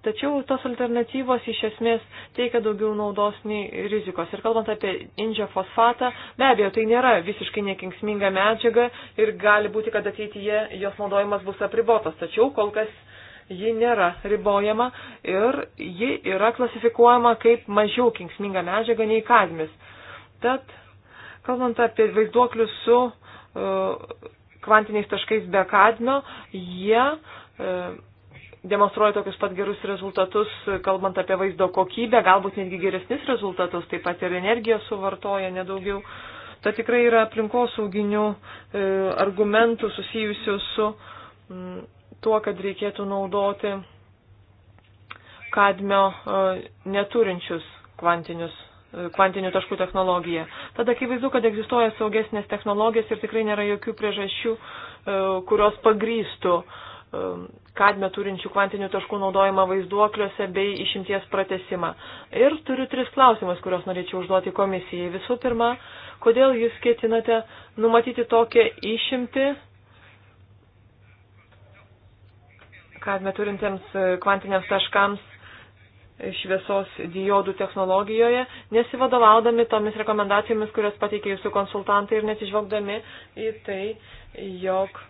Tačiau tos alternatyvos iš esmės teikia daugiau naudos nei rizikos. Ir kalbant apie indžio fosfatą, be abejo, tai nėra visiškai nekenksminga medžiaga ir gali būti, kad ateityje jos naudojimas bus apribotas. Tačiau kol kas ji nėra ribojama ir ji yra klasifikuojama kaip mažiau kenksminga medžiaga nei kadmis. Tad, kalbant apie vaizduoklius su uh, kvantiniais taškais be kadmio, jie uh, demonstruoja tokius pat gerus rezultatus, kalbant apie vaizdo kokybę, galbūt netgi geresnis rezultatus, taip pat ir energiją suvartoja nedaugiau. Ta tikrai yra aplinkosauginių e, argumentų susijusių su m, mm, tuo, kad reikėtų naudoti kadmio e, neturinčius kvantinius e, kvantinių taškų technologiją. Tada akivaizdu, kad egzistuoja saugesnės technologijos ir tikrai nėra jokių priežasčių, e, kurios pagrystų uh, Um, kadme turinčių kvantinių taškų naudojimą vaizduokliuose bei išimties pratesimą. Ir turiu tris klausimus, kuriuos norėčiau užduoti komisijai. Visų pirma, kodėl jūs ketinate numatyti tokią išimtį kadme turintiems e, kvantiniams taškams šviesos diodų technologijoje, nesivadovaudami tomis rekomendacijomis, kurias pateikė jūsų konsultantai ir nesižvelgdami į tai, jog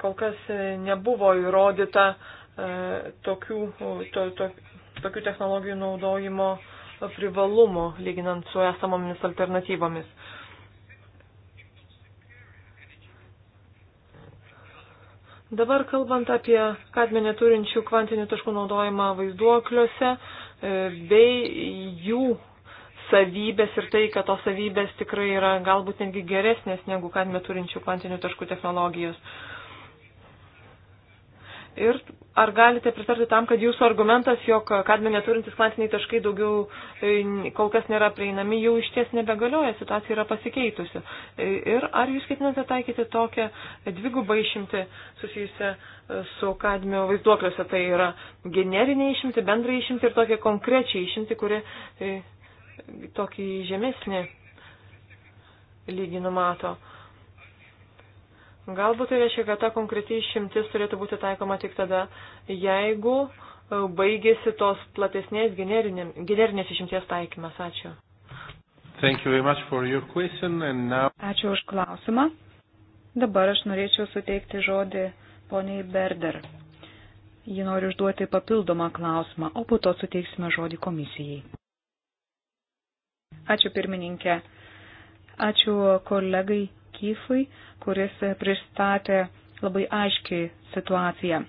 kol kas e, nebuvo įrodyta e, tokių, to, to, tokių technologijų naudojimo privalumų, lyginant su esamomis alternatyvomis. Dabar kalbant apie kadmenį turinčių kvantinių taškų naudojimą vaizduokliuose e, bei jų savybės ir tai, kad tos savybės tikrai yra galbūt netgi geresnės negu kadmė turinčių kvantinių taškų technologijos. Uh, Ir ar galite pritarti tam, kad jūsų argumentas, jog kadmio neturintys kvantiniai taškai daugiau e, kol kas nėra prieinami, jau iš ties nebegalioja, situacija yra pasikeitusi. E, ir ar jūs ketinate taikyti tokią dvigubą išimtį susijusią e, su kadmio vaizduokliuose, tai yra generinė išimti, bendra išimti ir tokia konkrečiai išimti, kuri tokį žemesnį lygį numato. Galbūt tai reiškia, kad ta konkretiai išimtis turėtų būti taikoma tik tada, jeigu e, baigėsi tos platesnės generinės išimties taikymas. Ačiū. Now... Ačiū už klausimą. Dabar aš norėčiau suteikti žodį poniai Berder. Ji nori užduoti papildomą klausimą, o po to suteiksime žodį komisijai. Ačiū pirmininkė. Ačiū kolegai Makifui, kuris pristatė labai aiškiai situaciją.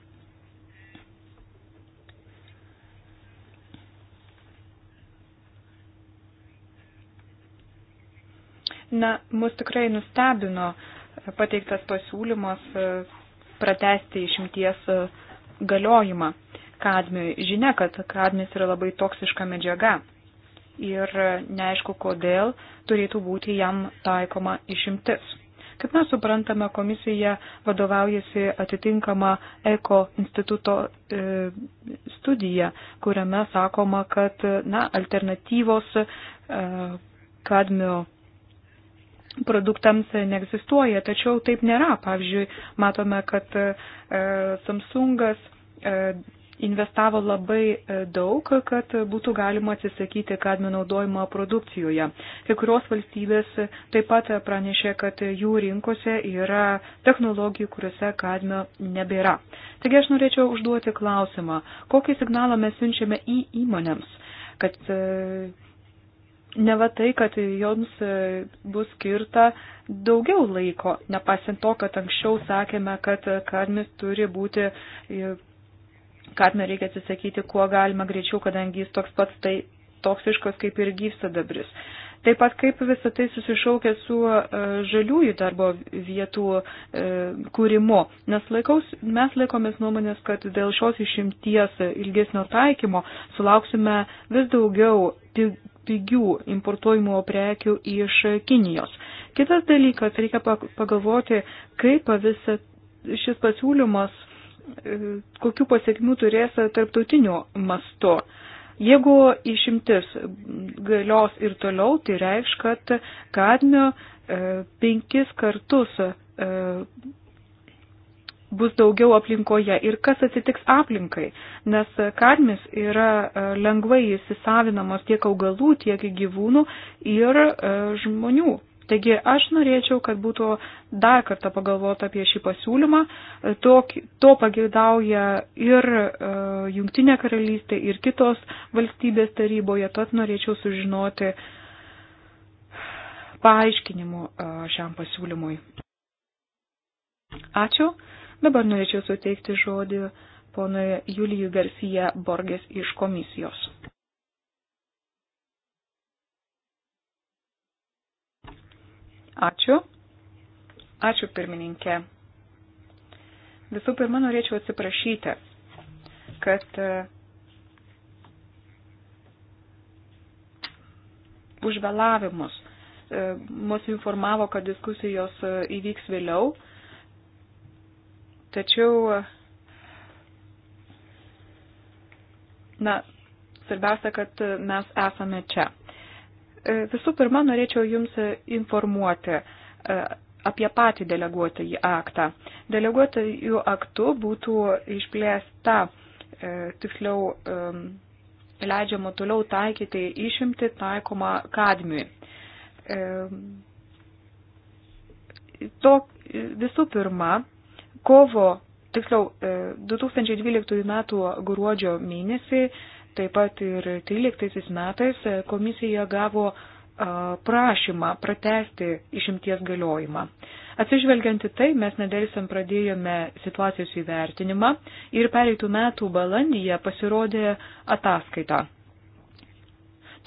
Na, mus tikrai nustebino pateiktas pasiūlymas pratesti išimties galiojimą kadmiui. Žinia, kad kadmis yra labai toksiška medžiaga ir neaišku, kodėl turėtų būti jam taikoma išimtis. Kaip mes suprantame, komisija vadovaujasi atitinkama Eko instituto e, studija, kuriame sakoma, kad na, alternatyvos e, kadmio produktams neegzistuoja, tačiau taip nėra. Pavyzdžiui, matome, kad e, Samsungas e, investavo labai e, daug, kad būtų galima atsisakyti kadmio naudojimo produkcijoje. Kai kurios valstybės taip pat pranešė, kad jų rinkose yra technologijų, kuriuose kadmio nebėra. Taigi aš norėčiau užduoti klausimą, kokį signalą mes siunčiame į įmonėms, kad e, ne va tai, kad joms e, bus skirta daugiau laiko, nepaisant to, kad anksčiau sakėme, kad kadmis turi būti kadmio reikia atsisakyti kuo galima greičiau, kadangi jis toks pats tai toksiškas kaip ir gyvsidabris. Taip pat kaip visą tai susišaukia su e, žaliųjų darbo vietų e, kūrimu, nes laikaus, mes laikomės nuomonės, kad dėl šios išimties ilgesnio taikymo sulauksime vis daugiau pigių importuojimo prekių iš Kinijos. Kitas dalykas, reikia pagalvoti, kaip visą šis pasiūlymas E, kokių pasiekmių turės tarptautiniu mastu. Jeigu išimtis galios ir toliau, tai reikš, kad kadmio e, penkis kartus e, bus daugiau aplinkoje ir kas atsitiks aplinkai, nes kadmis yra lengvai įsisavinamas tiek augalų, tiek gyvūnų ir žmonių. Taigi aš norėčiau, kad būtų dar kartą pagalvota apie šį pasiūlymą. To, to pagėdauja ir e, Junktinė karalystė, ir kitos valstybės taryboje. Tad norėčiau sužinoti paaiškinimų e, šiam pasiūlymui. Ačiū. Dabar norėčiau suteikti žodį ponui Julijui Garcija Borges iš komisijos. Ačiū. Ačiū pirmininkė. Visų pirma, norėčiau atsiprašyti, kad e, už vėlavimus e, mus informavo, kad diskusijos e, įvyks vėliau, tačiau, na, svarbiausia, kad mes esame čia. E, visų pirma, norėčiau Jums informuoti e, apie patį deleguotąjį aktą. Deleguotąjų aktų būtų išplėsta, e, tiksliau, leidžiama toliau taikyti išimti taikomą kadmiui. To visų pirma, kovo, tiksliau, 2012 m. gruodžio mėnesį Taip pat ir 13 metais komisija gavo prašymą pratesti išimties galiojimą. Atsižvelgianti tai, mes nedėlsim pradėjome situacijos įvertinimą ir pereitų metų balandyje pasirodė ataskaita.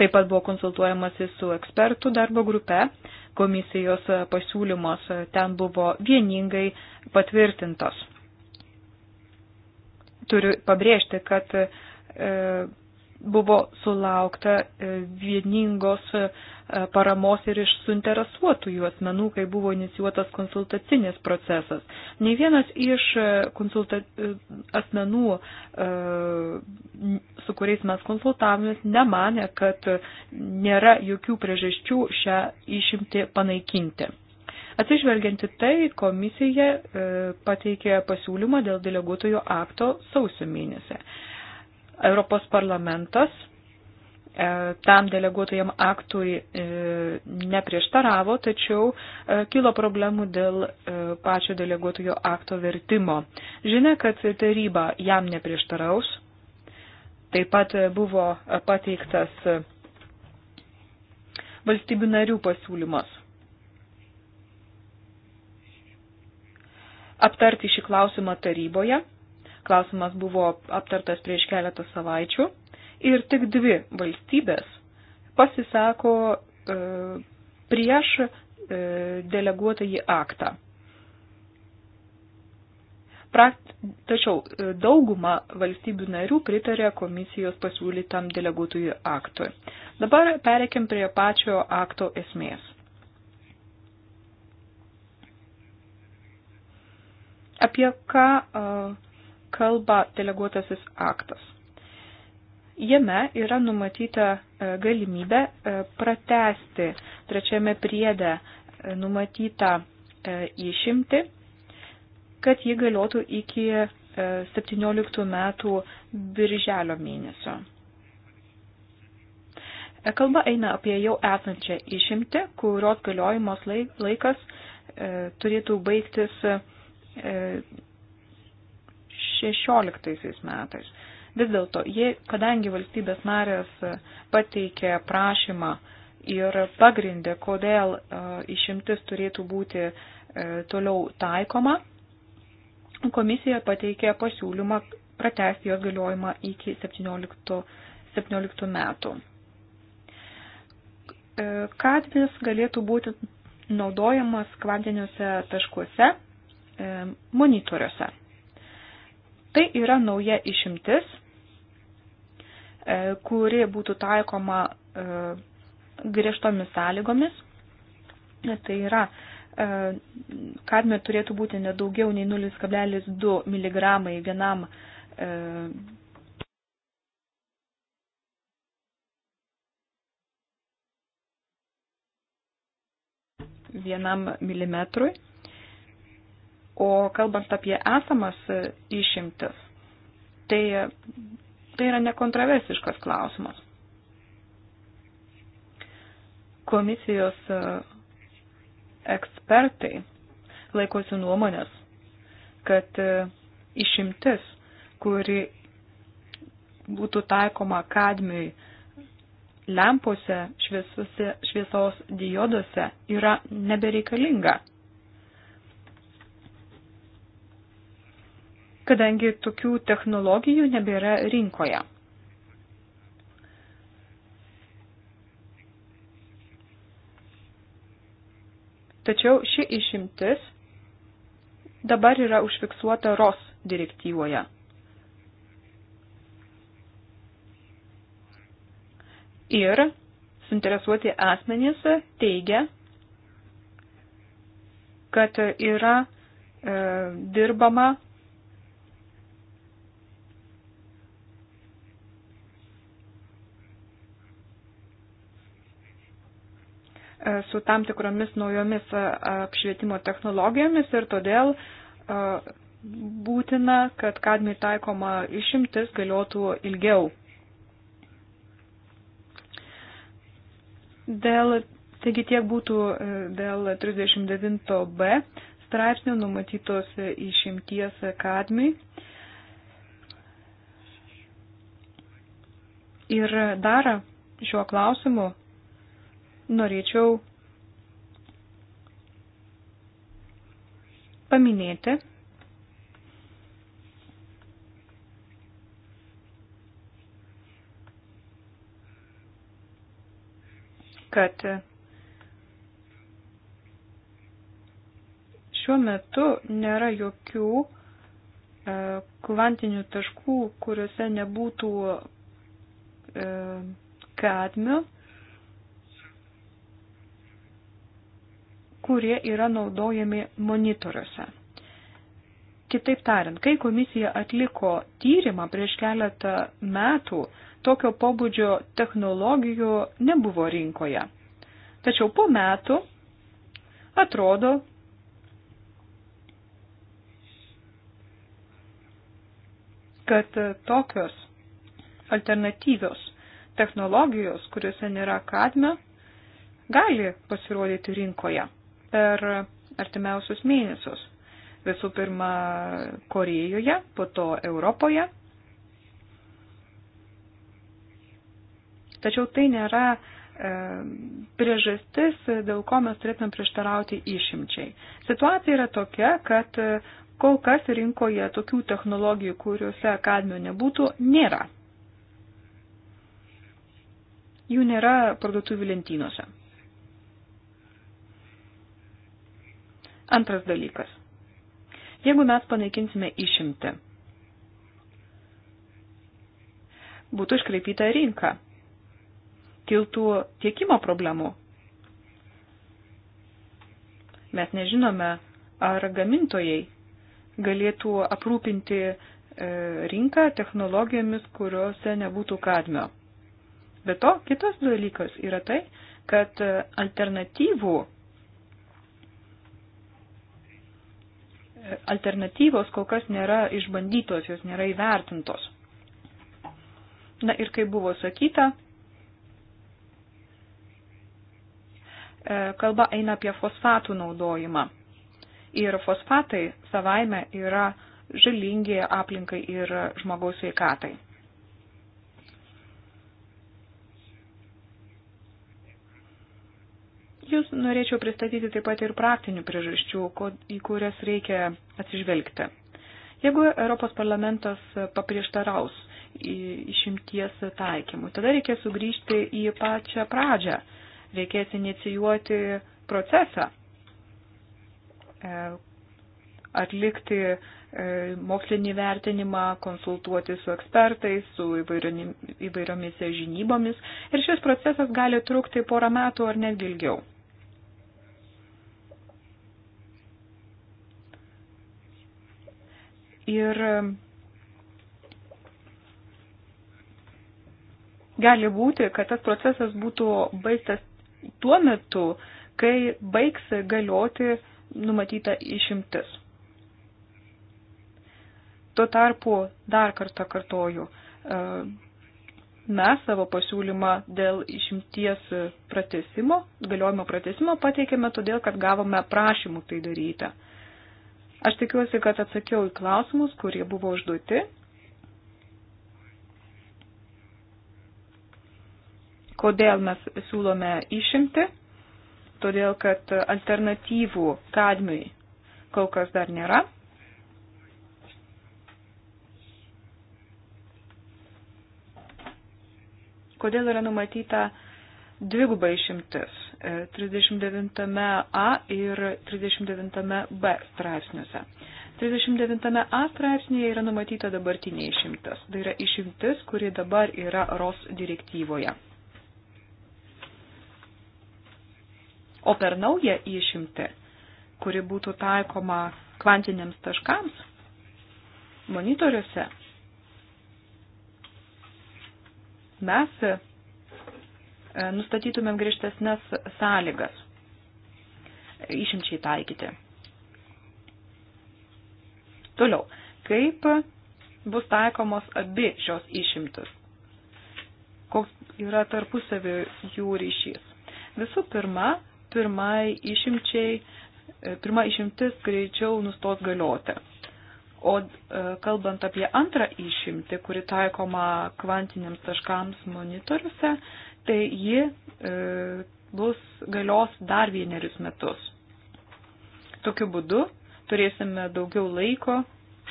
Taip pat buvo konsultuojamasi su ekspertų darbo grupe, komisijos pasiūlymas ten buvo vieningai patvirtintas. Turiu pabrėžti, kad e, buvo sulaukta e, vieningos e, paramos ir iš suinteresuotųjų asmenų, kai buvo inicijuotas konsultacinis procesas. Ne vienas iš e, konsulta... asmenų, su kuriais mes konsultavomės, nemanė, kad nėra jokių priežasčių šią išimti panaikinti. Atsižvelgianti tai, komisija pateikė pasiūlymą dėl deleguotojų akto sausio mėnesį. Europos parlamentas e, tam deleguotojam aktui e, neprieštaravo, tačiau e, kilo problemų dėl pačio deleguotojo akto vertimo. Žinia, kad taryba jam neprieštaraus. Taip pat buvo pateiktas valstybių narių pasiūlymas. Aptarti šį klausimą taryboje Klausimas buvo aptartas prieš keletą savaičių ir tik dvi valstybės pasisako e, prieš e, deleguotąjį aktą. Prakt, tačiau e, dauguma valstybių narių pritarė komisijos pasiūlytam deleguotųjų aktui. Dabar pereikim prie pačio akto esmės. Apie ką uh, kalba deleguotasis aktas. Jame yra numatyta e, galimybė e, pratesti trečiame priede e, numatytą išimti, kad ji galiotų iki 17 metų birželio mėnesio. Kalba eina apie jau esančią išimtį, kurios galiojimos laikas turėtų baigtis 2016 metais. Vis dėlto, kadangi valstybės narės pateikė prašymą ir pagrindė, kodėl e, išimtis turėtų būti e, toliau taikoma, komisija pateikė pasiūlymą pratesti jos galiojimą iki 17, 17 metų. E, kadmis galėtų būti naudojamas kvantiniuose taškuose monitoriuose. Tai yra nauja išimtis, e, kuri būtų taikoma e, griežtomis sąlygomis. Tai yra, e, kadmio turėtų būti nedaugiau nei 0,2 mg vienam vienam milimetrui. O kalbant apie esamas e, išimtis, tai, tai yra nekontroversiškas klausimas. Komisijos e, ekspertai laikosi nuomonės, kad e, išimtis, kuri būtų taikoma kadmiui lempose, šviesos, šviesos diodose, yra nebereikalinga kadangi tokių technologijų nebėra rinkoje. Tačiau ši išimtis dabar yra užfiksuota ROS direktyvoje. Ir suinteresuoti asmenys teigia, kad yra e, dirbama E, su tam tikromis naujomis e, apšvietimo technologijomis ir todėl e, būtina, kad kadmi taikoma išimtis galiotų ilgiau. Dėl, taigi tiek būtų dėl 39b straipsnių numatytos išimties kadmiui. Ir dar šiuo klausimu norėčiau paminėti, kad šiuo metu nėra jokių e, kvantinių taškų, kuriuose nebūtų e, kadmio, kurie yra naudojami monitoriuose. Kitaip tariant, kai komisija atliko tyrimą prieš keletą metų, tokio pobūdžio technologijų nebuvo rinkoje. Tačiau po metų atrodo, kad tokios alternatyvios technologijos, kuriuose nėra kadmio, gali pasirodyti rinkoje per artimiausius mėnesius. Visų pirma, Korejoje, po to Europoje. Tačiau tai nėra e, priežastis, dėl ko mes turėtume prieštarauti išimčiai. Situacija yra tokia, kad e, kol kas rinkoje tokių technologijų, kuriuose kadmio nebūtų, nėra. Jų nėra parduotuvių lentynose. Antras dalykas. Jeigu mes panaikinsime išimti, būtų iškreipyta rinka, kiltų tiekimo problemų. Mes nežinome, ar gamintojai galėtų aprūpinti e, rinką technologijomis, kuriuose nebūtų kadmio. Be to, kitas dalykas yra tai, kad e, alternatyvų alternatyvos kol kas nėra išbandytos, jos nėra įvertintos. Na ir kaip buvo sakyta, e, kalba eina apie fosfatų naudojimą. Ir fosfatai savaime yra žalingi aplinkai ir žmogaus veikatai. Jūs norėčiau pristatyti taip pat ir praktinių priežasčių, į kurias reikia atsižvelgti. Jeigu Europos parlamentas paprieštaraus išimties taikymų, tada reikia sugrįžti į pačią pradžią, reikės inicijuoti procesą, e, atlikti e, mokslinį vertinimą, konsultuoti su ekspertais, su įvairiomis žinybomis. Ir šis procesas gali trukti porą metų ar net ilgiau. ir gali būti, kad tas procesas būtų baigtas tuo metu, kai baigs galioti numatyta išimtis. Tuo tarpu dar kartą kartoju, mes savo pasiūlymą dėl išimties pratesimo, galiojimo pratesimo pateikėme todėl, kad gavome prašymų tai daryti. Aš tikiuosi, kad atsakiau į klausimus, kurie buvo užduoti. Kodėl mes siūlome išimti? Todėl, kad alternatyvų kadmiui kol kas dar nėra. Kodėl yra numatyta dviguba išimtis? 39a e, ir 39b straipsniuose. 39a straipsnėje yra numatyta dabartinė išimtis. Tai yra išimtis, kuri dabar yra ROS direktyvoje. O per naują išimtį, kuri būtų taikoma kvantiniams taškams, monitoriuose, mes E, nustatytumėm griežtesnės sąlygas išimčiai taikyti. Toliau, kaip bus taikomos abi šios išimtis? Koks yra tarpusavio jų ryšys? Visų pirma, pirmai išimčiai, e, pirma išimtis greičiau nustos galioti. O e, kalbant apie antrą išimtį, kuri taikoma kvantiniams taškams monitoriuose, tai ji e, bus galios dar vienerius metus. Tokiu būdu turėsime daugiau laiko,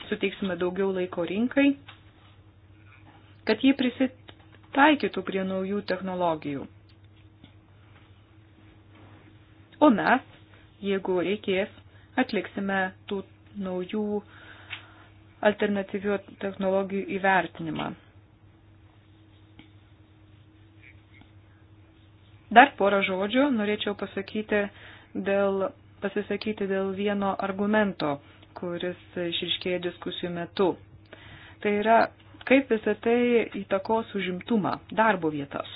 suteiksime daugiau laiko rinkai, kad jie prisitaikytų prie naujų technologijų. O mes, jeigu reikės, atliksime tų naujų alternatyvių technologijų įvertinimą. Dar porą žodžių norėčiau pasakyti dėl, pasisakyti dėl vieno argumento, kuris išriškėjo diskusijų metu. Tai yra, kaip visą tai įtakos užimtumą, darbo vietas.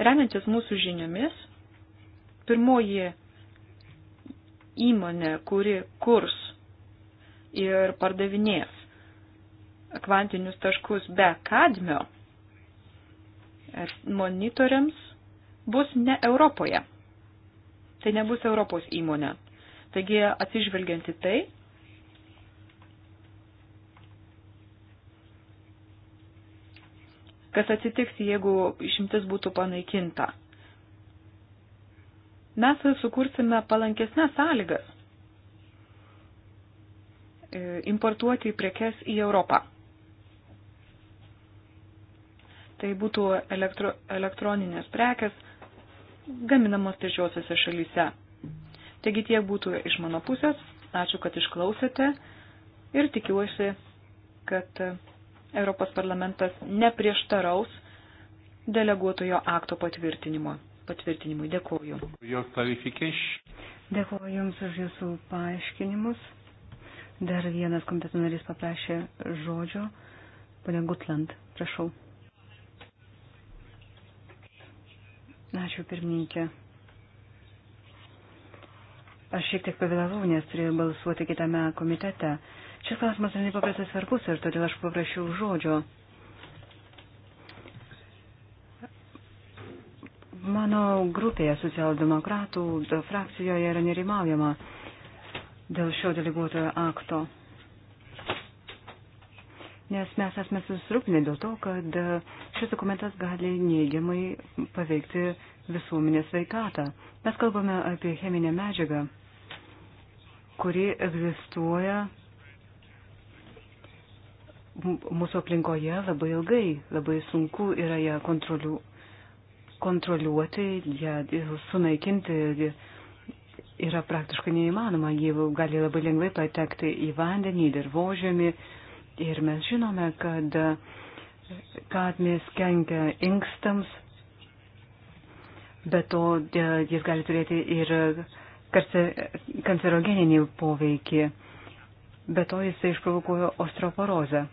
Remiantis mūsų žiniomis, pirmoji įmonė, kuri kurs ir pardavinės kvantinius taškus be kadmio monitoriams bus ne Europoje. Tai nebus Europos įmonė. Taigi atsižvelgiant į tai, kas atsitiks, jeigu išimtis būtų panaikinta. Mes sukursime palankesnės sąlygas importuoti prekes į Europą tai būtų elektro, elektroninės prekes gaminamos trečiosiose šalyse. Taigi tiek būtų iš mano pusės. Ačiū, kad išklausėte ir tikiuosi, kad Europos parlamentas neprieštaraus deleguotojo akto patvirtinimo. patvirtinimui. Dėkuoju. Dėkuoju Jums už Jūsų paaiškinimus. Dar vienas komiteto narys paprašė žodžio. Pane Gutland, prašau. Ačiū pirmininkė. Aš šiek tiek pavėlavau, nes turėjau balsuoti kitame komitete. Šis klausimas yra nepaprastai svarbus ir todėl aš paprašiau žodžio. Mano grupėje socialdemokratų frakcijoje yra nerimaujama dėl šio deleguotojo akto. Nes mes esame susirūpinę dėl to, kad šis dokumentas gali neigiamai paveikti visuomenės veikatą. Mes kalbame apie cheminę medžiagą, kuri egzistuoja mūsų aplinkoje labai ilgai, labai sunku yra ją kontroliu, kontroliuoti, ją sunaikinti yra praktiškai neįmanoma, ji gali labai lengvai patekti į vandenį, dirbožėmį ir mes žinome, kad uh, kadmės kenkia inkstams, bet to e, jis gali turėti ir kancerogeninį poveikį, bet to jis išprovokuoja osteoporozę.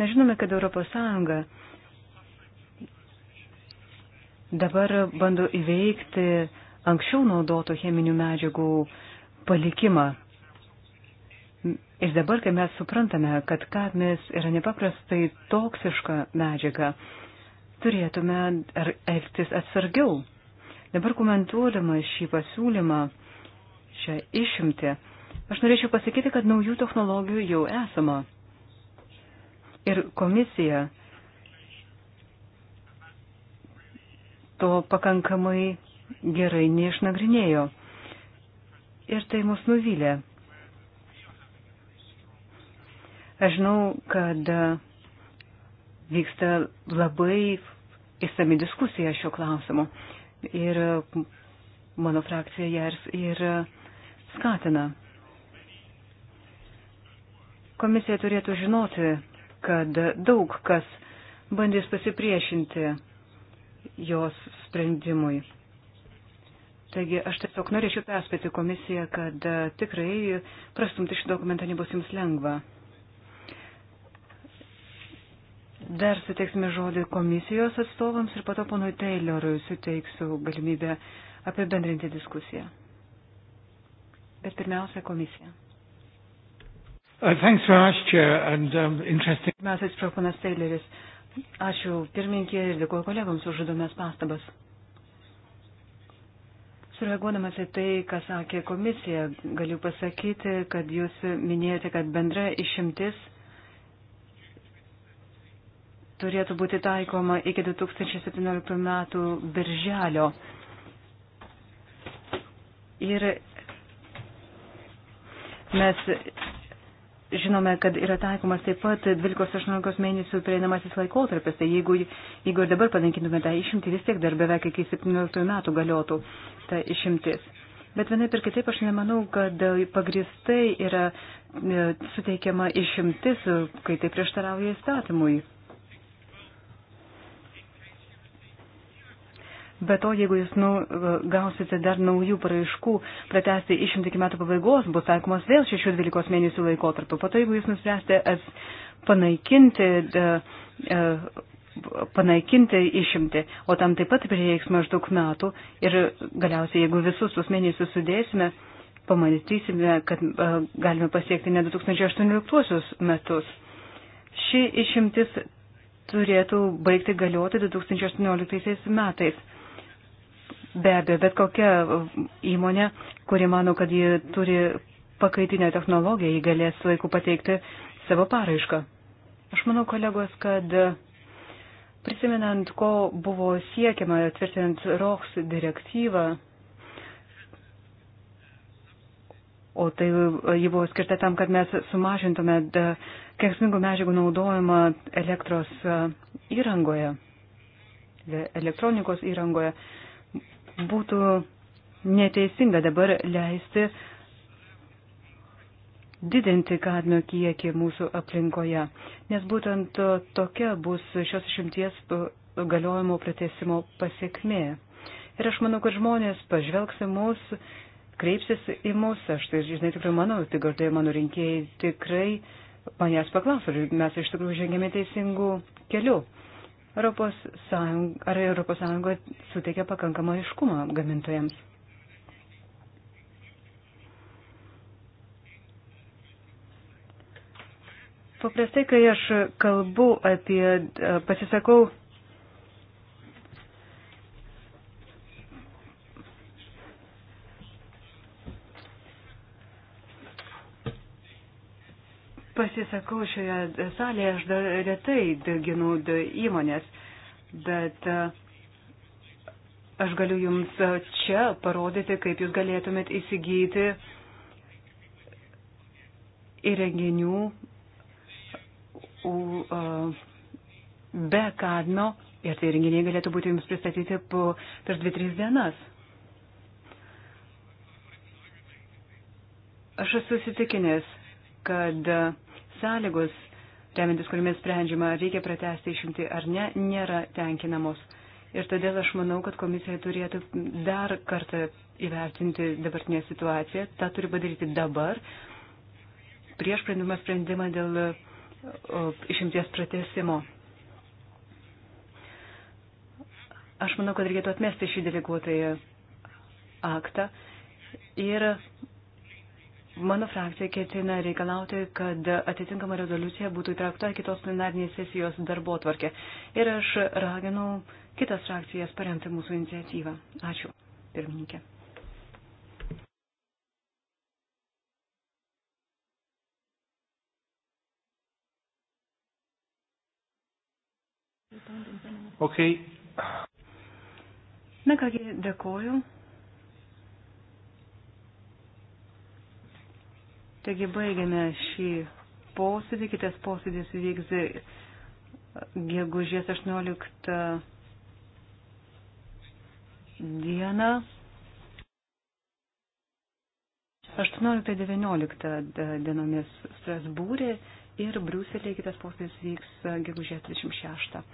Mes žinome, kad Europos Sąjunga dabar bando įveikti anksčiau naudoto cheminių medžiagų uh, palikimą. Ir dabar, kai mes suprantame, kad kadmis yra nepaprastai toksiška medžiaga, turėtume elgtis atsargiau. Dabar komentuodama šį pasiūlymą, šią išimtį, aš norėčiau pasakyti, kad naujų technologijų jau esama. Ir komisija to pakankamai gerai neišnagrinėjo ir tai mus nuvylė. Aš žinau, kad vyksta labai įsami diskusija šio klausimu ir mano frakcija jas ir skatina. Komisija turėtų žinoti, kad daug kas bandys pasipriešinti jos sprendimui. Taigi aš tiesiog norėčiau perspėti komisiją, kad e, tikrai prastumti šį dokumentą nebus jums lengva. Dar suteiksime žodį komisijos atstovams ir pato ponui Taylorui suteiksiu galimybę apibendrinti diskusiją. Bet pirmiausia, komisija. Uh, thanks very much, Chair, and um, interesting. Pirmiausia, atsiprašau, ponas Tayloris. Ačiū pirmininkė ir dėkuoju kolegams už žodomės pastabas. Sureaguodamas į tai, ką sakė komisija, galiu pasakyti, kad jūs minėjote, kad bendra išimtis turėtų būti taikoma iki 2017 metų birželio. Ir mes žinome, kad yra taikomas taip pat 12-18 mėnesių prieinamasis laikotarpis, tai jeigu, jeigu ir dabar padankintume tą išimtį, vis tiek dar beveik iki 17 metų galiotų ta išimtis. Bet vienai per kitaip aš nemanau, kad pagristai yra e, suteikiama išimtis, kai tai prieštarauja įstatymui. Be to, jeigu jūs nu, gausite dar naujų paraiškų pratesti išimti iki metų pabaigos, bus taikomas vėl 6-12 mėnesių laikotarpiu. Po to, jeigu jūs nuspręsite panaikinti, e, panaikinti išimti, o tam taip pat prireiks maždaug metų ir galiausiai, jeigu visus tuos mėnesius sudėsime, pamatysime, kad e, galime pasiekti ne 2018 metus. Ši išimtis turėtų baigti galioti 2018 metais. Be abejo, bet kokia įmonė, kuri mano, kad ji turi pakaitinę technologiją, ji galės laiku pateikti savo paraišką. Aš manau, kolegos, kad prisimenant, ko buvo siekiama tvirtinant ROX direktyvą, o tai ji buvo skirta tam, kad mes sumažintume kenksmingų medžiagų naudojimą elektros e, įrangoje, e, elektronikos įrangoje būtų neteisinga dabar leisti didinti kadmio kiekį mūsų aplinkoje, nes būtent tokia bus šios išimties galiojimo pratesimo pasiekmė. Ir aš manau, kad žmonės pažvelgs į mus, kreipsis į mus, aš tai, žinai, tikrai manau, tai gardai mano rinkėjai tikrai manęs paklauso, mes iš tikrųjų žengėme teisingų kelių. Europos, Sąjung, ar Europos Sąjunga suteikia pakankamą iškumą gamintojams. Paprastai, kai aš kalbu apie, e, pasisakau pasisakau šioje salėje, aš dar retai ginu įmonės, bet aš galiu jums čia parodyti, kaip jūs galėtumėt įsigyti įrenginių be kadmio ir tai įrenginiai galėtų būti jums pristatyti po, per 2-3 dienas. Aš esu įsitikinęs, kad sąlygos, remintis kuriomis sprendžiama, reikia pratesti išimti ar ne, nėra tenkinamos. Ir todėl aš manau, kad komisija turėtų dar kartą įvertinti dabartinę situaciją. Ta turi padaryti dabar, prieš sprendimą sprendimą dėl išimties pratesimo. Aš manau, kad reikėtų atmesti šį deleguotąją aktą ir Mano frakcija ketina reikalauti, kad atitinkama rezoliucija būtų įtraukta kitos plenarnės sesijos darbo tvarkė. Ir aš raginau kitas frakcijas paremti mūsų iniciatyvą. Ačiū, pirmininkė. Okay. Na kągi, dėkoju. Taigi baigiame šį posėdį. Kitas posėdis vyks gegužės 18 dieną. 18-19 dienomis Strasbūrė ir Briuselėje kitas posėdis vyks gegužės 26.